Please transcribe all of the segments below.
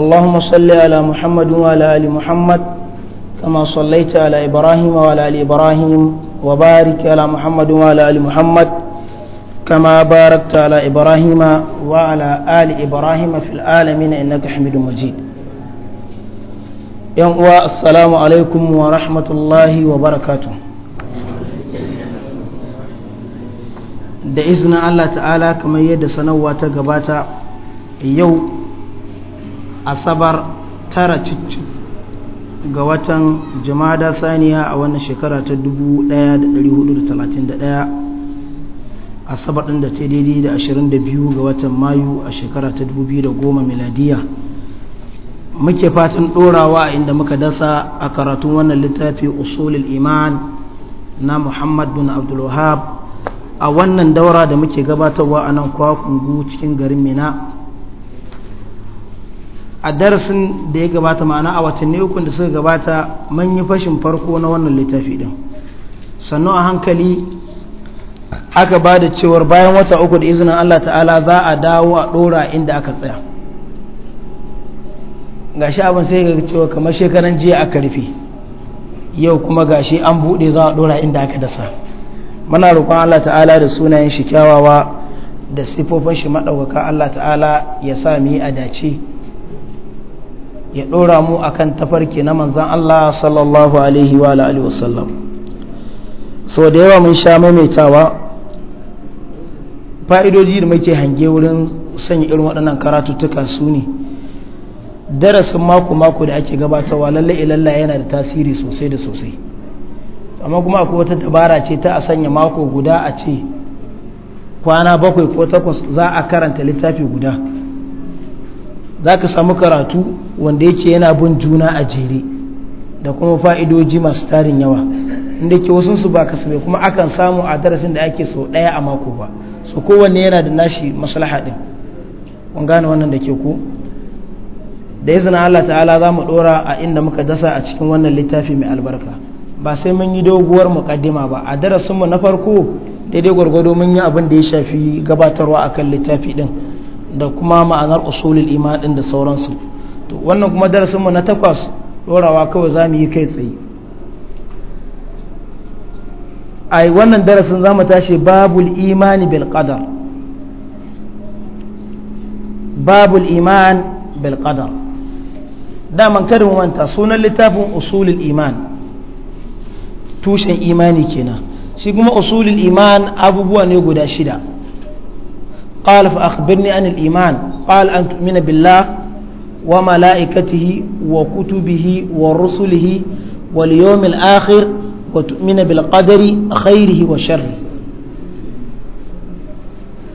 اللهم صل على محمد وعلى آل محمد كما صليت على إبراهيم وعلى آل إبراهيم وبارك على محمد وعلى آل محمد كما باركت على إبراهيم وعلى آل إبراهيم في العالمين إنك حميد مجيد يوم السلام عليكم ورحمة الله وبركاته da izinin Allah ta'ala kamar yadda sanarwa ta gabata yau asabar tara ga watan jumada saniya a wannan shekara ta 1431 asabar ɗin da ta daidai da 22 ga watan mayu a shekara ta 2010 miladiya muke fatan ɗorawa inda muka dasa a karatun wannan littafi usulul iman na muhammad bin abdulwahab a wannan daura da muke gabatarwa a nan kwakungu cikin garin mina a darasin da ya gabata ma'ana a watanni uku da suka gabata man yi fashin farko na wannan littafi din sannu a hankali aka ba da cewar bayan wata uku da izinin Allah ta'ala za a dawo a ɗora inda aka tsaya Ga shi abin sai ga cewa kamar shekaran jiya a rufe yau kuma ga shi an buɗe za a ɗora inda aka dasa muna roƙon Allah ta'ala da sunayen shi kyawawa da sifofin shi maɗaukaka Allah ta'ala ya sa mu yi a dace ya ɗora mu akan tafarki na manzan Allah sallallahu alaihi wa alihi wasallam so da yawa mun sha maimaitawa fa'idoji da muke hange wurin sanya irin waɗannan karatuttuka su ne darasin mako-mako da ake gabatarwa lallai ilalla yana da tasiri sosai da sosai amma kuma akwai wata dabara ce ta a sanya mako guda a ce kwana bakwai ko takwas za a karanta littafi guda za ka samu karatu wanda yake yana bin juna a jere da kuma fa'idoji masu tarin yawa inda ke wasu su ba kasafai kuma akan samu a darasin da ake sau ɗaya a mako ba su kowanne yana da nashi maslaha ɗin kun gane wannan da ke ku da izinin Allah ta'ala za mu ɗora a inda muka dasa a cikin wannan littafi mai albarka ba sai mun yi doguwar muƙaddima ba a darasinmu na farko daidai gwargwado mun yi abin da ya shafi gabatarwa akan littafi ɗin da kuma ma'anar usulul iman din da sauransu to wannan kuma darasin mu na takwas dorawa kawai za mu yi kai tsaye ai wannan darasin za mu tashi babul imani bil qadar babul iman bil qadar daman kada mu manta sunan littafin usulul iman tushen imani kenan shi kuma usulul iman abubuwa ne guda shida قال فأخبرني عن الإيمان قال أن تؤمن بالله وملائكته وكتبه ورسله واليوم الآخر وتؤمن بالقدر خيره وشره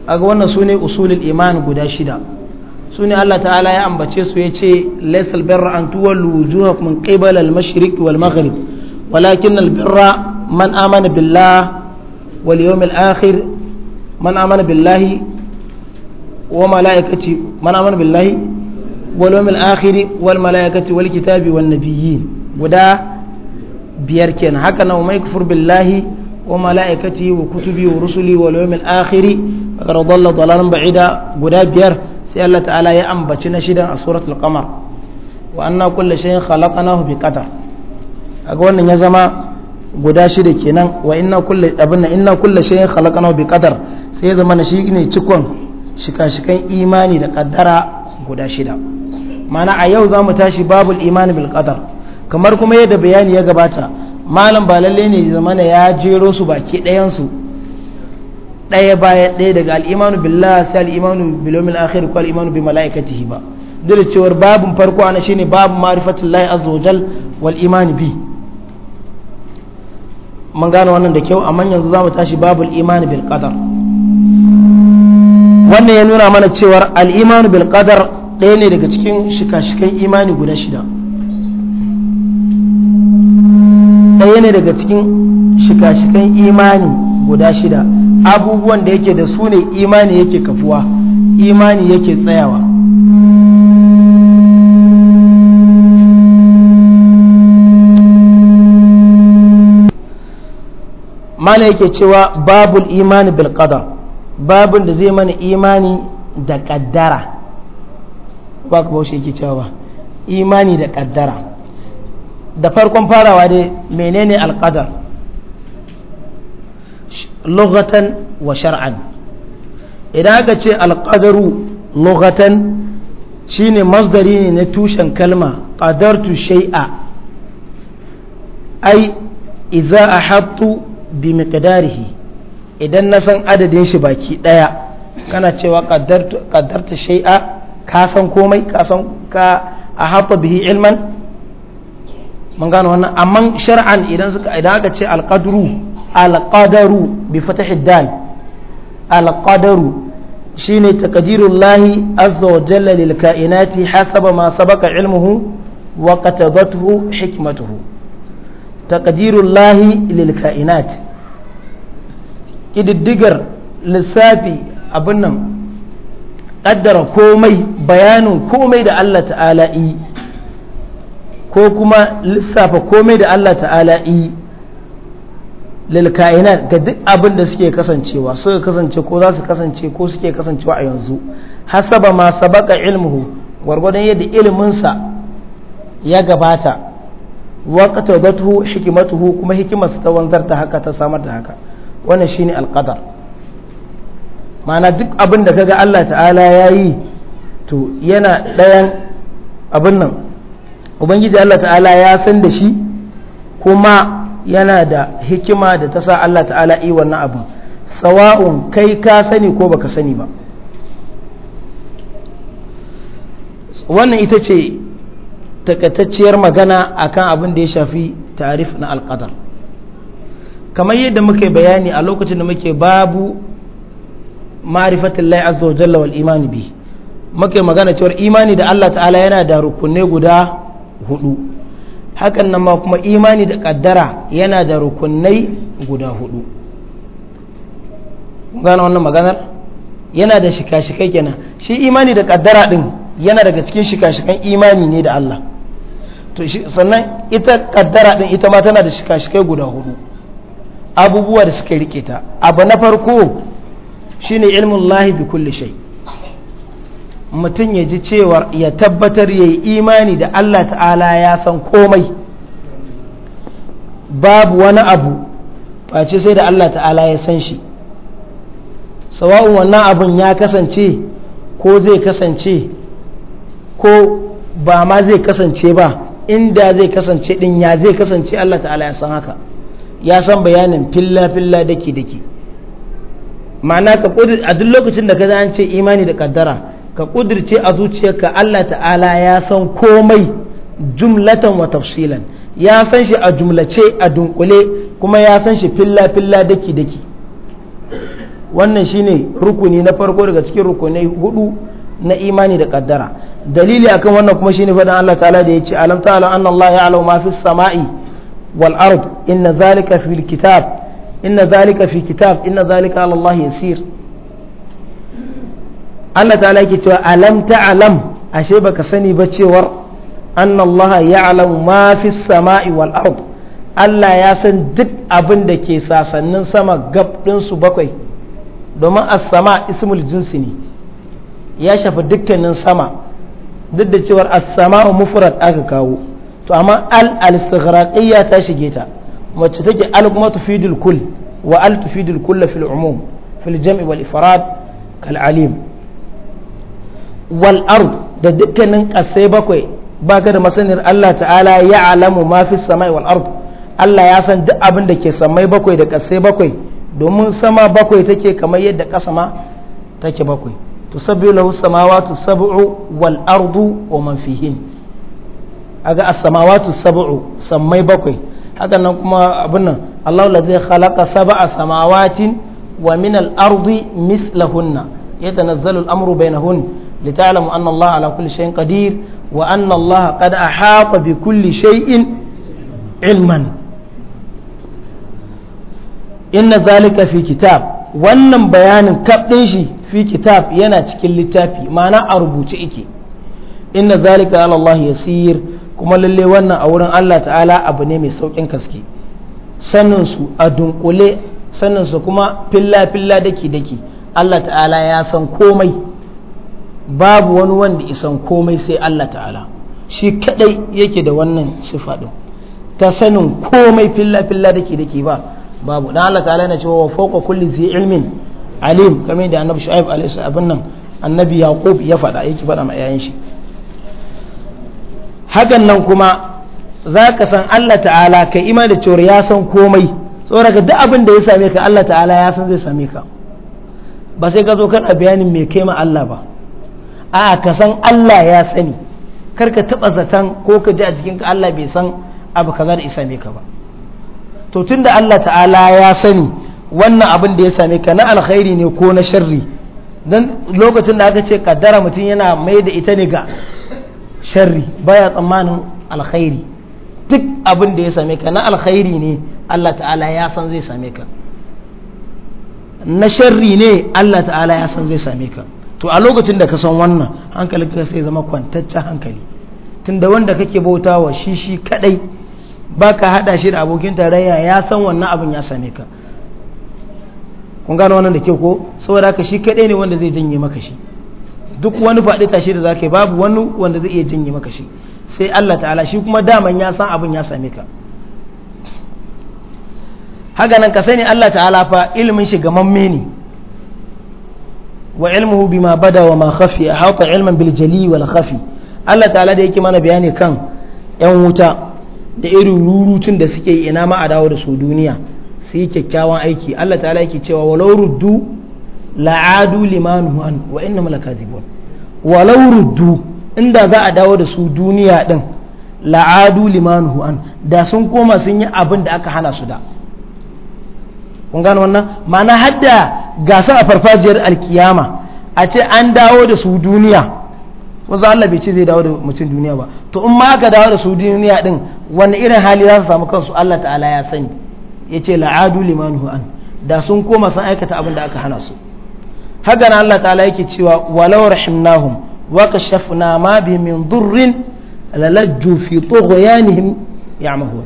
أقوانا سوني أصول الإيمان قداشدا سوني الله تعالى يا أم يتشي ليس البر أن تولوا وجوهكم من قبل المشرق والمغرب ولكن البر من آمن بالله واليوم الآخر من آمن بالله وملائكته من آمن بالله واليوم الآخر والملائكة والكتاب والنبيين ودا بيركن هكذا وما يكفر بالله وملائكته وكتبه ورسله واليوم الآخر فقد ضل ضلالا بعيدا ودا بير سي الله تعالى يا أم بتشنا سورة القمر وأن كل شيء خلقناه بقدر أقول إن زما guda shida kenan wa inna kulli abinna inna kulli shay'in khalaqnahu bi qadar sai zama na shi ne cikon shika-shikan imani da kaddara guda shida mana a yau za mu tashi babul imani bil qadar kamar kuma yadda bayani ya gabata malam ba lalle ne zamana ya jero su baki ɗayansu ɗaya bayan ɗaya daga al'imanu billah sai al'imanu yawmil akhir ko al'imanu bi mala'ikatihi ba dole cewa cewar babin farko ana shine babu ma'rifatullahi azza wajal wal imani bi mun gane wannan da kyau amma yanzu za mu tashi babul imani bil qadar wannan ya nuna mana cewar al'imanu bil qadar ɗaya ne daga cikin shika-shikan imani guda shida ɗaya ne daga cikin shika-shikan imani guda shida abubuwan da yake da su ne imani yake kafuwa imani yake tsayawa mala yake cewa babul imani bil qadar babin da zai mana imani da kaddara ba ku baushe yake cewa ba imani da kaddara da farkon farawa dai menene alƙadar lughatan wa shar'an idan aka ce alƙadaru lughatan shine masdari ne na tushen kalma qadartu shay'a ai idza ahattu bi miqdarihi idan na san adadin shi baki ɗaya kana cewa ƙaddarta shai'a ka san komai ka san ka a hafa bihi ilman mun gano wannan amma shar'an idan suka idan aka ce alqadru alqadaru bi fatahi dal alqadaru shine taqdirullahi azza wa jalla lil kainati hasaba ma sabaka ilmuhu wa qatadathu hikmatuhu taqdirullahi lil kainati ƙididdigar lissafi abin nan ƙaddara komai bayanin komai da Allah ta'ala yi ko kuma lissafa komai da Allah ta'ala yi lilkaina ga duk abin da suke kasancewa suka kasance ko za su kasance ko suke kasancewa a yanzu hasaba ma sabaka ilmuhu gwargwadon yadda iliminsa ya gabata waqtadatuhu hikimatuhu kuma hikimarsa ta wanzar ta haka ta samar da haka wannan shi ne alƙadar ma'ana duk abin da kaga Allah ta'ala ya yi to yana ɗayan abin nan ubangiji Allah ta'ala ya san da shi kuma yana da hikima da ta sa Allah ta'ala yi wannan abin sawa'un kai ka sani ko baka sani ba wannan ita ce takatacciyar magana akan abin da ya shafi tarif na alƙadar kamar yadda muke bayani a lokacin da muke babu ma'rifatillahi azza wa jalla wal imani bi muke magana cewar imani da Allah ta'ala yana da rukunai guda hudu hakan nan ma kuma imani da kaddara yana da rukunai guda hudu gane wannan maganar yana da shika-shikai kenan shi imani da kaddara din yana daga cikin shika-shikan imani ne da Allah to sannan ita kaddara din ita ma tana da shika-shikai guda hudu abubuwa da suka rike ta abu na farko shine ilmin lahi bi kulli shai mutum ya ji cewa ya tabbatar ya yi imani da Allah ta'ala ya san komai babu wani abu face sai da Allah ta'ala ya san shi sawa'un wannan abun ya kasance ko zai kasance ko ba ma zai kasance ba inda zai kasance din ya zai kasance Allah ta'ala ya san haka ya san bayanin filla filla dake dake ma'ana ka a duk lokacin da ka za an ce imani da kaddara ka kudirce a zuciyarka Allah ta'ala ya san komai jumlatan wa tafsilan ya san shi a jumlace a dunkule kuma ya san shi filla filla daki daki wannan shine rukuni na farko daga cikin rukunai hudu na imani da kaddara dalili akan wannan kuma shine faɗin Allah ta'ala da ya ce alam ta'ala anna Allah ya'lamu ma fis sama'i والأرض إن ذلك في الكتاب إن ذلك في كتاب إن ذلك على الله يسير Allah ta'ala yake cewa alam ta'alam ashe baka sani ba cewar annallaha ya'lamu ma fi sama'i wal ard Allah ya san duk abin da ke sasannin sama gab su bakwai domin as-sama ismul jinsi ne ya shafi dukkanin sama duk da cewar as-sama'u mufrad aka kawo to amma al al-istighraqiyya ta shige ta wacce take al kuma tufidul kull wa al tufidul kull fil umum fil jam'i wal ifrad kal alim wal ard da dukkanin kasai bakwai baka da masaniyar Allah ta'ala ya alamu ma fi samai wal ard Allah ya san duk abin da ke samai bakwai da kasai bakwai domin sama bakwai take kamar yadda kasa ma take bakwai tusabbihu lahu samawati sab'u wal ardu wa man fihin aga as-samawati sab'u sammai bakwai hakan nan kuma abin nan Allahu ladzi khalaqa sab'a samawatin wa min al-ardi mislahunna yatanazzalu al-amru bainahun lita'lamu anna Allah ala kulli shay'in qadir wa anna Allah qad ahata bi kulli shay'in ilman inna zalika fi kitab wannan bayanin kaf shi fi kitab yana cikin littafi ma'ana a rubuce ike inna zalika ala Allah yasir kuma lalle wannan a wurin Allah ta'ala abu ne mai saukin kaske sanin su a dunkule sanin su kuma filla filla daki daki Allah ta'ala ya san komai babu wani wanda isan komai sai Allah ta'ala shi kadai yake da wannan sifa din ta sanin komai filla filla daki daki ba babu dan Allah ta'ala yana cewa wa fawqa kulli zi ilmin alim kamar da annabi shu'aib alaihi abin nan annabi yaqub ya faɗa yake faɗa ma yayin shi hakan nan kuma za ka san Allah ta'ala ka ima da cewar ya san komai tsoraka duk abin da ya same ka Allah ta'ala ya san zai same ka ba sai ka zo kana bayanin mai kai Allah ba a ka san Allah ya sani kar ka taba zaton ko ka ji a cikin ka Allah bai san abu kaza da ya same ka ba to tunda Allah ta'ala ya sani wannan abin da ya same ka na alkhairi ne ko na sharri dan lokacin da aka ce kaddara mutum yana mai da ita ne ga sharri baya tsammanin alkhairi duk abin da ya same ka na alkhairi ne Allah ta'ala ya san zai same ka na sharri ne Allah ta'ala ya san zai same ka to a lokacin da ka san wannan hankalin ka sai zama kwantaccen hankali tunda wanda kake bauta wa shi shi kadai baka hada shi da abokin tarayya ya san wannan abin ya same ka kun gano wannan da kyau ko saboda haka shi kadai ne wanda zai janye maka shi duk wani faɗi tashi da zaka yi babu wani wanda zai iya jinye maka shi sai Allah ta'ala shi kuma daman ya san abin ya same ka haka nan ka sani Allah ta'ala fa ilmin shi mamme ne wa ilmuhu bima bada wa ma khafi hata ilman bil jali wal khafi Allah ta'ala da yake mana bayani kan yan wuta da irin rurutun da suke ina ma a dawo da su duniya su kyakkyawan aiki Allah ta'ala yake cewa walau ruddu la'adu limanu an wa inna malakazibun walau ruddu inda za a dawo da su duniya din la'adu limanu an da sun koma sun yi abin da aka hana su da kun gano wannan ma'ana hadda gasa a farfajiyar alkiyama a ce an dawo da su duniya wanzu Allah bai ce zai dawo da mutum duniya ba to in ma aka dawo da su duniya din wani irin hali za su samu kansu Allah ta'ala ya sani ya ce la'adu limanu an da sun koma sun aikata abin da aka hana su haka Allah ta'ala yake cewa walau rahimnahum wa kashafna ma bi min durrin lalajju fi tughyanihim ya'mahun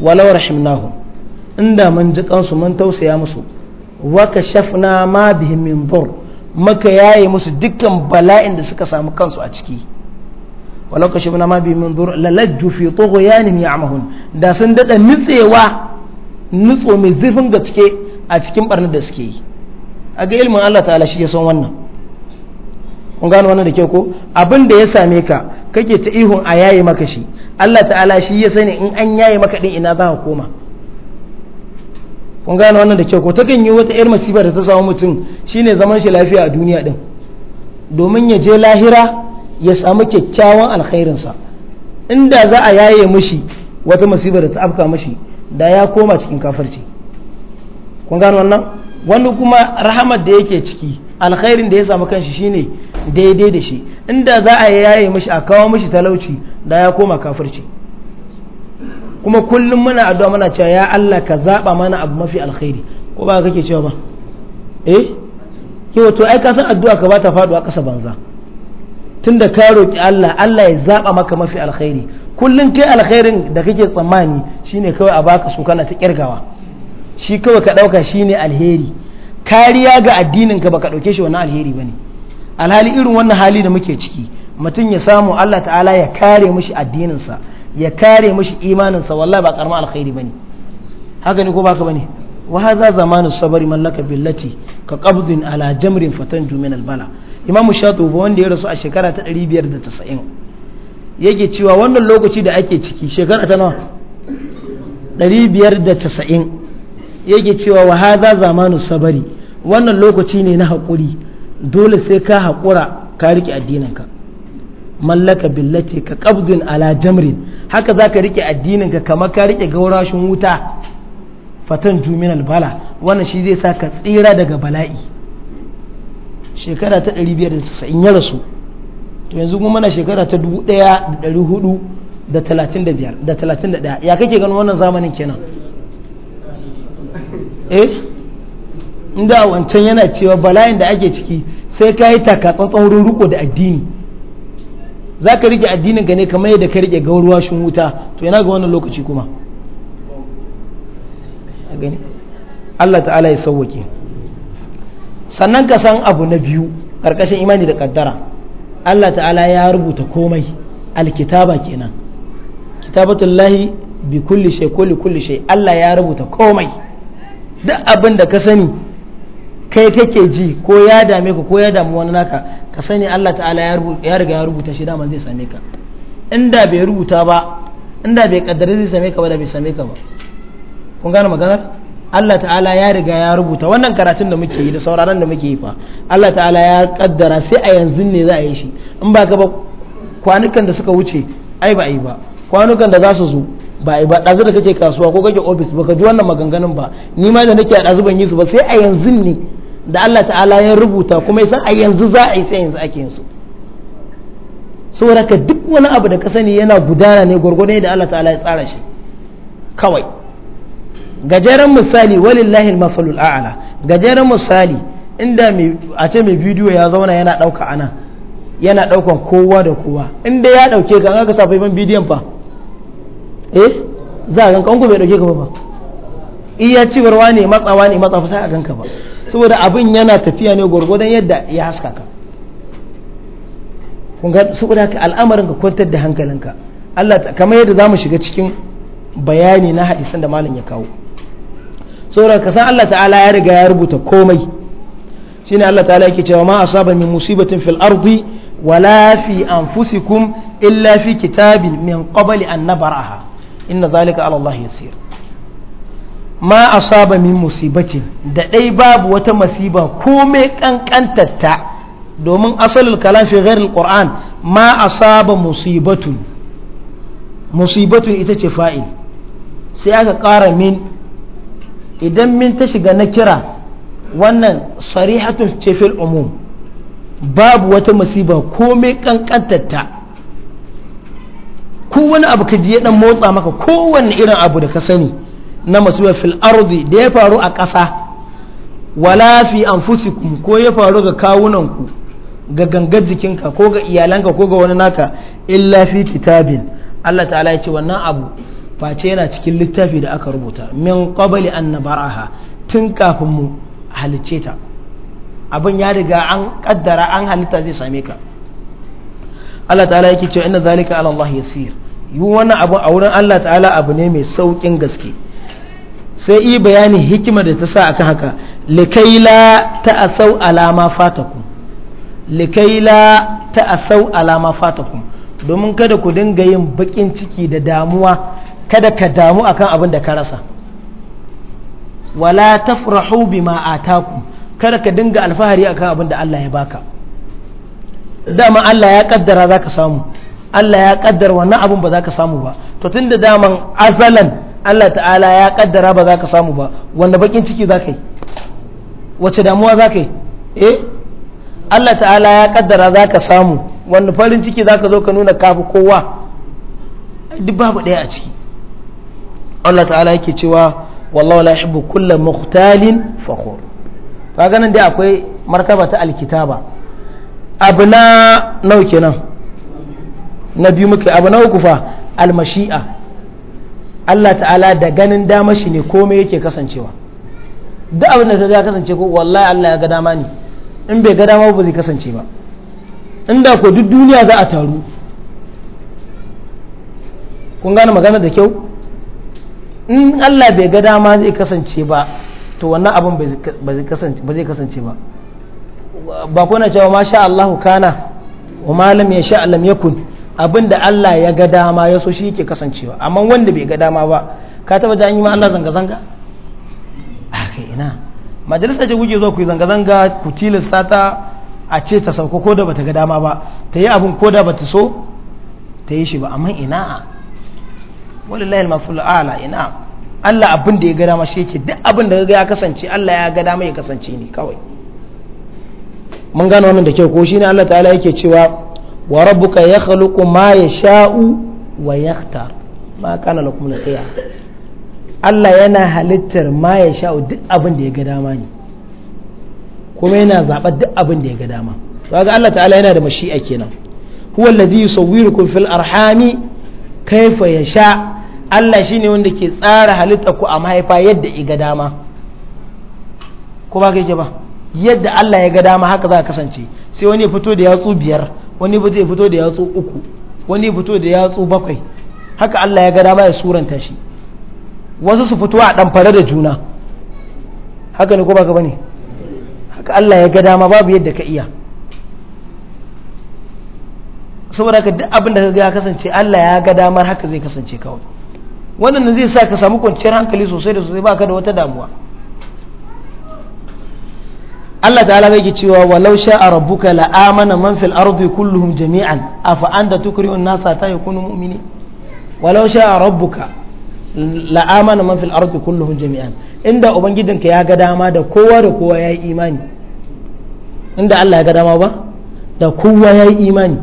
walau rahimnahum inda mun ji kansu mun tausaya musu wa kashafna ma bi min durr maka yayi musu dukkan bala'in da suka samu kansu a ciki walau kashafna ma bi min durr lalajju fi tughyanihim ya'mahun da sun dada nutsewa nutso mai zurfin gaske a cikin barnar da suke yi a ga ilmin Allah ta'ala shi ya san wannan kun gano wannan da ke ko abin da ya same ka kake ta ihun a yayi maka shi Allah ta'ala shi ya sani in an yayi maka din ina za ka koma kun gano wannan da ke ko takan yi wata yar masifa da ta samu mutum shine zaman shi lafiya a duniya din domin ya je lahira ya samu kyakkyawan sa inda za a yaye mishi wata masifa da ta afka mishi da ya koma cikin kafirci kun gano wannan wani kuma rahamar da yake ciki alkhairin da ya samu kanshi shine daidai da shi inda za a yaye mashi a kawo mashi talauci da ya koma kafirci kuma kullum muna addu'a muna cewa ya Allah ka zaba mana abu mafi alkhairi ko ba kake cewa ba eh ke wato ai ka san addu'a ka ba ta faduwa kasa banza tunda ka roki Allah Allah ya zaba maka mafi alkhairi kullum kai alkhairin da kake tsammani shine kawai a baka su kana ta kirgawa shi kawai ka ɗauka shi ne alheri kariya ga addininka ba ka ɗauke shi wani alheri ba ne alhali irin wannan hali da muke ciki mutum ya samu Allah ta'ala ya kare mashi addininsa ya kare mashi imaninsa wallahi ba karma alkhairi bane haka ne ko ba ka ba ne wa haza zamanu sabari mallaka billati ka qabdin ala jamrin fatan jumin albala imamu wanda ya rasu a shekara ta 590 yake cewa wannan lokaci da ake ciki shekara ta nawa 590 yake cewa wa hadha zamanu sabari wannan lokaci ne na haƙuri dole sai ka haƙura ka riƙe addininka mallaka billati ka qabdin ala jamrin haka zaka riƙe addininka kamar ka riƙe gaurashin wuta fatan juminal bala wannan shi zai sa ka tsira daga bala'i shekara ta 1590 ya rasu to yanzu kuma na shekara ta 1435 ya kake ganin wannan zamanin kenan eh inda wancan yana cewa bala'in da ake ciki sai ka yi takatsantsan wurin riko da addini za ka rike addinin ka ne kamar yadda ka rike gauruwa washin wuta to yana ga wannan lokaci kuma Allah ta'ala ya sauwake sannan ka san abu na biyu karkashin imani da kaddara Allah ta'ala ya rubuta komai alkitaba kenan kitabatullahi bi kulli shay kulli kulli shay Allah ya rubuta komai duk abin da ka sani kai kake ji ko ya dame ka ko ya damu wani naka ka sani Allah ta'ala ya riga ya rubuta shi daman zai same ka inda bai rubuta ba inda bai kaddara zai same ka ba da bai same ka ba kun gane maganar Allah ta'ala ya riga ya rubuta wannan karatun da muke yi da sauraron da muke yi fa Allah ta'ala ya kaddara sai a yanzu ne za a yi shi in ba ka ba kwanukan da suka wuce ai ba ai ba kwanukan da za su zo ba a ba ɗazu da kake kasuwa ko kake ofis ba ka ji wannan maganganun ba ni ma da nake a ɗazu ban yi su ba sai a yanzu ne da Allah ta'ala ya rubuta kuma ya san a yanzu za a yi sai yanzu ake yin su saboda ka duk wani abu da ka sani yana gudana ne gwargwado da Allah ta'ala ya tsara shi kawai gajeren misali walillahi al-mafalul a'la gajeren misali inda a ce mai bidiyo ya zauna yana ɗauka ana yana ɗaukan kowa da kowa inda ya ɗauke ka ka aka sa bidiyon fa eh za a ganka ungo bai dauke ka ba iya cibarwa ne matsawa ne matsafa sai a ganka ba saboda abin yana tafiya ne gwargwadon yadda ya haska ka kun ga saboda haka al'amarin ka kwantar da hankalinka Allah kamar yadda zamu shiga cikin bayani na hadisan da malam ya kawo saboda ka san Allah ta'ala ya riga ya rubuta komai shine Allah ta'ala yake cewa ma asaba min musibatin fil ardi wala fi anfusikum illa fi kitabin min qabli an nabraha inna zalika ala Allah yasir ma asaba min musibatin da dai babu wata masiba komai kankantarta domin asalul kalam fi ghairil qur'an ma asaba musibatun musibatun ita ce fa'il sai aka ƙara min idan min ta shiga na kira wannan sarihatun ce fil umum babu wata masiba komai kankantarta ko wani abu ka ji ya dan motsa maka kowanne irin abu da ka sani na masuwa fil ardi da ya faru a ƙasa wala fi anfusikum ko ya faru ga kawunanku ga gangar jikinka ko ga iyalanka ko ga wani naka illa fi kitabin Allah ta'ala ya ce wannan abu face yana cikin littafi da aka rubuta min qabli an nabaraha tun kafin mu halicce ta abin ya riga an kaddara an halitta zai same ka Allah ta'ala yake cewa inna zalika ala Allah yasir yi wani abu a wurin Allah ta'ala abu ne mai saukin gaske sai yi bayanin hikimar da ta sa akan haka likaila ta asau alama fatakum likaila ta asau alama fatakum domin kada ku dinga yin bakin ciki da damuwa kada ka damu akan abin da ka rasa wala tafrahu bima ataku kada ka dinga alfahari akan abin da Allah ya baka dama Allah ya kaddara za ka samu Allah ya kaddara wannan abun ba za ka samu ba to tun da daman azalan Allah ta'ala ya kaddara ba za ka samu ba wanda bakin ciki za ka yi wace damuwa za ka yi eh Allah ta'ala ya kaddara za ka samu wanda farin ciki za ka zo ka nuna kafi kowa duk babu ɗaya a ciki Allah ta'ala yake cewa wallahu la yuhibbu kulla mukhtalin fakhur kaga nan dai akwai martaba ta alkitaba abu na nau kenan na biyu muka abu na uku fa almashi'a Allah ta'ala da ganin dama shi ne komai yake kasancewa duk abin da ka ga kasance ko wallahi Allah ya ga dama ne in bai ga dama ba zai kasance ba inda ko duk duniya za a taru kun gane magana da kyau in Allah bai ga dama zai kasance ba to wannan abin ba zai kasance ba ba kuna cewa ma sha Allahu kana wa malam ya sha lam yakun abinda Allah ya ga dama ya so shi yake kasancewa amma wanda bai ga dama ba ka taba ji an yi ma Allah zanga zanga a kai ina majalisa ce kuke zo ku yi zanga zanga ku tilasta ta a ce ta sauko ko da bata ga dama ba ta yi abin ko da bata so ta yi shi ba amma ina wallahi al-mafulu ala ina Allah abin da ya ga dama shi yake duk abin da ya kasance Allah ya ga dama ya kasance ne kawai mun gano wannan da kyau ko shine Allah ta'ala yake cewa wa rabbuka yakhluqu ma yasha'u wa yakhtar ma kana lakum al-khiyar Allah yana halittar ma yasha'u duk abin da ya ga dama ne kuma yana zaɓar duk abin da ya ga dama to kaga Allah ta'ala yana da mashi'a kenan huwa alladhi yusawwirukum fil arhami kaifa yasha Allah shine wanda ke tsara halitta ku a mahaifa yadda iga dama ko ba ke ba yadda Allah ya ga dama haka za a kasance sai wani ya fito da yatsu biyar wani ya fito da yatsu uku wani ya fito da yatsu bakwai haka Allah ya ga dama ya suranta shi wasu su fito a ɗanfare da juna haka ne ko baka bane haka Allah ya ga dama babu yadda ka iya saboda ka duk abin da ka ga ya kasance Allah ya ga damar haka zai kasance kawai wannan zai sa ka samu kwanciyar hankali sosai da sosai baka da wata damuwa Allah ta'ala bai cewa walau sha'a rabbuka la amana man fil ardi kulluhum jami'an afa anta tukri'un nasa ta yakunu mu'minin walau sha'a rabbuka la amana man fil ardi kulluhum jami'an inda ubangijinka ya ga dama da kowa da kowa yayi imani inda Allah ya ga dama ba da kowa yayi imani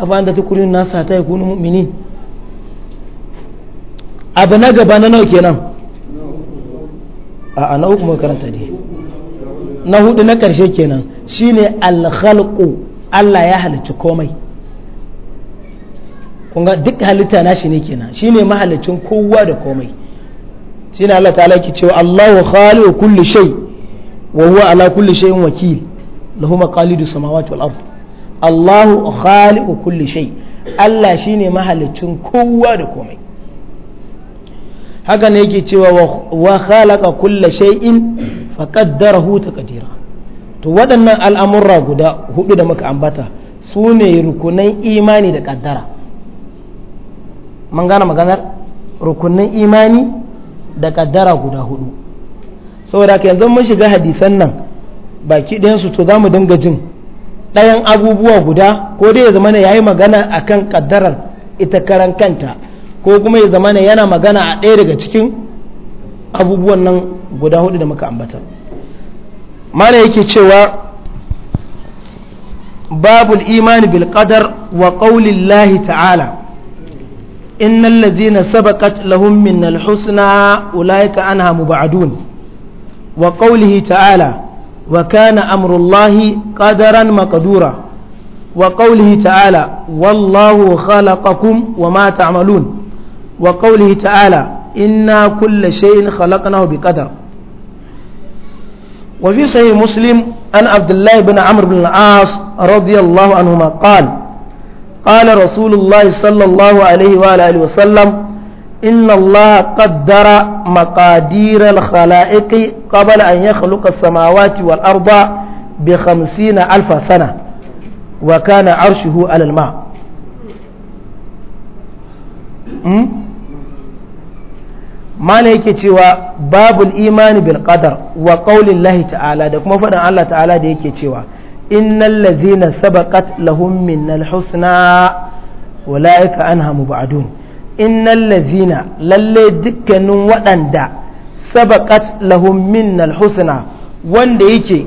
afa anta tukri'un nasa ta yakunu mu'mini abu na gaba na nawa kenan a na uku karanta ne na hudu na karshe kenan shine alhalku Allah ya halicci komai kunga duk halitta nashi ne kenan shine mahalicin kowa da komai shine Allah ta'ala ke cewa Allahu khaliqu kulli shay wa huwa ala kulli shay'in wakil lahu maqalidu samawati wal ard Allahu khaliqu kulli shay Allah shine mahalicin kowa da komai haka ne yake cewa wa khalaqa kulli shay'in ta ƙadira to waɗannan al'amurra guda hudu da muka ambata su ne rukunan imani da ƙaddara. man maganar rukunan imani da ƙaddara guda hudu saboda ka yanzu mun shiga hadisan nan baki ɗayansu to za mu dinga jin ɗayan abubuwa guda ko dai ya zama ya yi magana a kan ƙaddarar ita karan kanta ko kuma ya zama yana magana a ɗaya daga cikin abubuwan nan guda hudu da muka ambata mana yake cewa babul imani bil qadar wa qaulillahi ta'ala innal ladhina sabaqat lahum minnal husna ulaika anha mubadun wa qaulihi ta'ala wa kana amrullahi qadaran maqdura wa qaulihi ta'ala wallahu khalaqakum wa ma ta'malun wa qaulihi ta'ala إنا كل شيء خلقناه بقدر وفي صحيح مسلم أن عبد الله بن عمرو بن العاص رضي الله عنهما قال قال رسول الله صلى الله عليه وآله وسلم إن الله قدر مقادير الخلائق قبل أن يخلق السماوات والأرض بخمسين ألف سنة وكان عرشه على الماء mana yake cewa babul imani bil qadar wa qaulin lahi ta'ala da kuma faɗin Allah ta'ala da yake cewa innal ladhina sabaqat lahum minnal husna ulaika anha mubadun innal ladhina lalle dukkanin waɗanda sabaqat lahum minnal husna wanda yake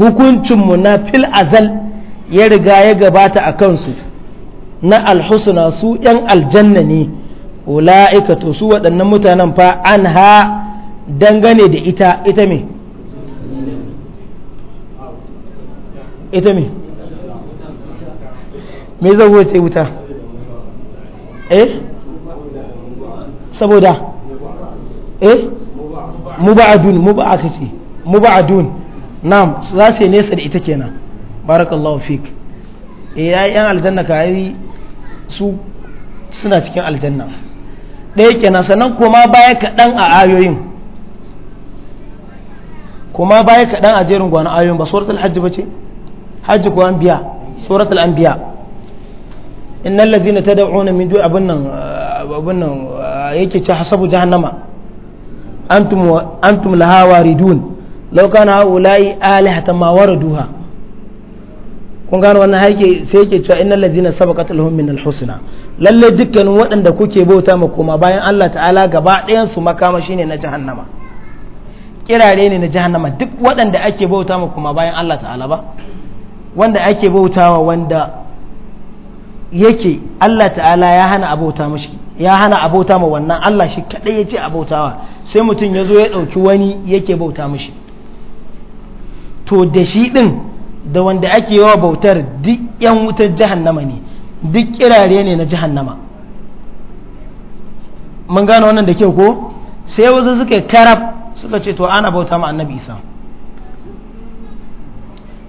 hukuncin mu na fil azal ya riga ya gabata a kansu na alhusna su yan aljanna ne ula'ika to su waɗannan mutanen fa an ha dangane da ita ita me ita me me zai wuce wuta eh saboda eh muba'adun muba'aka ce muba'adun nam za su nesa da ita kenan barakallahu fik eh yayin aljanna ka yi su suna cikin aljanna ɗaya kenan sannan kuma baya kaɗan a ayoyin kuma baya kaɗan a jerin gwanon ayoyin ba suratul hajji ba ce hajji ko anbiya suratul anbiya innal ladina tad'una min du'a abun nan eh, abun nan eh, yake ce hasabu jahannama antum antum laha waridun law kana haula'i alihatan ma waraduha kun gano wannan haike sai yake cewa innal ladina sabaqat lahum min alhusna lalle dukkanin waɗanda kuke bauta ma kuma bayan Allah ta'ala gaba ɗayan su makama shine na jahannama kirare ne na jahannama duk waɗanda ake bauta ma kuma bayan Allah ta'ala ba wanda ake bautawa wanda yake Allah ta'ala ya hana abauta mashi ya hana abauta ma wannan Allah shi kadai yake bautawa sai mutum ya zo ya ɗauki wani yake bauta mashi to da shi ɗin da wanda ake yawa bautar duk yan wutar jahannama ne duk kirare ne na jahannama mun gano wannan da kyau ko sai wasu suka karab suka ce to ana bauta ma annabi isa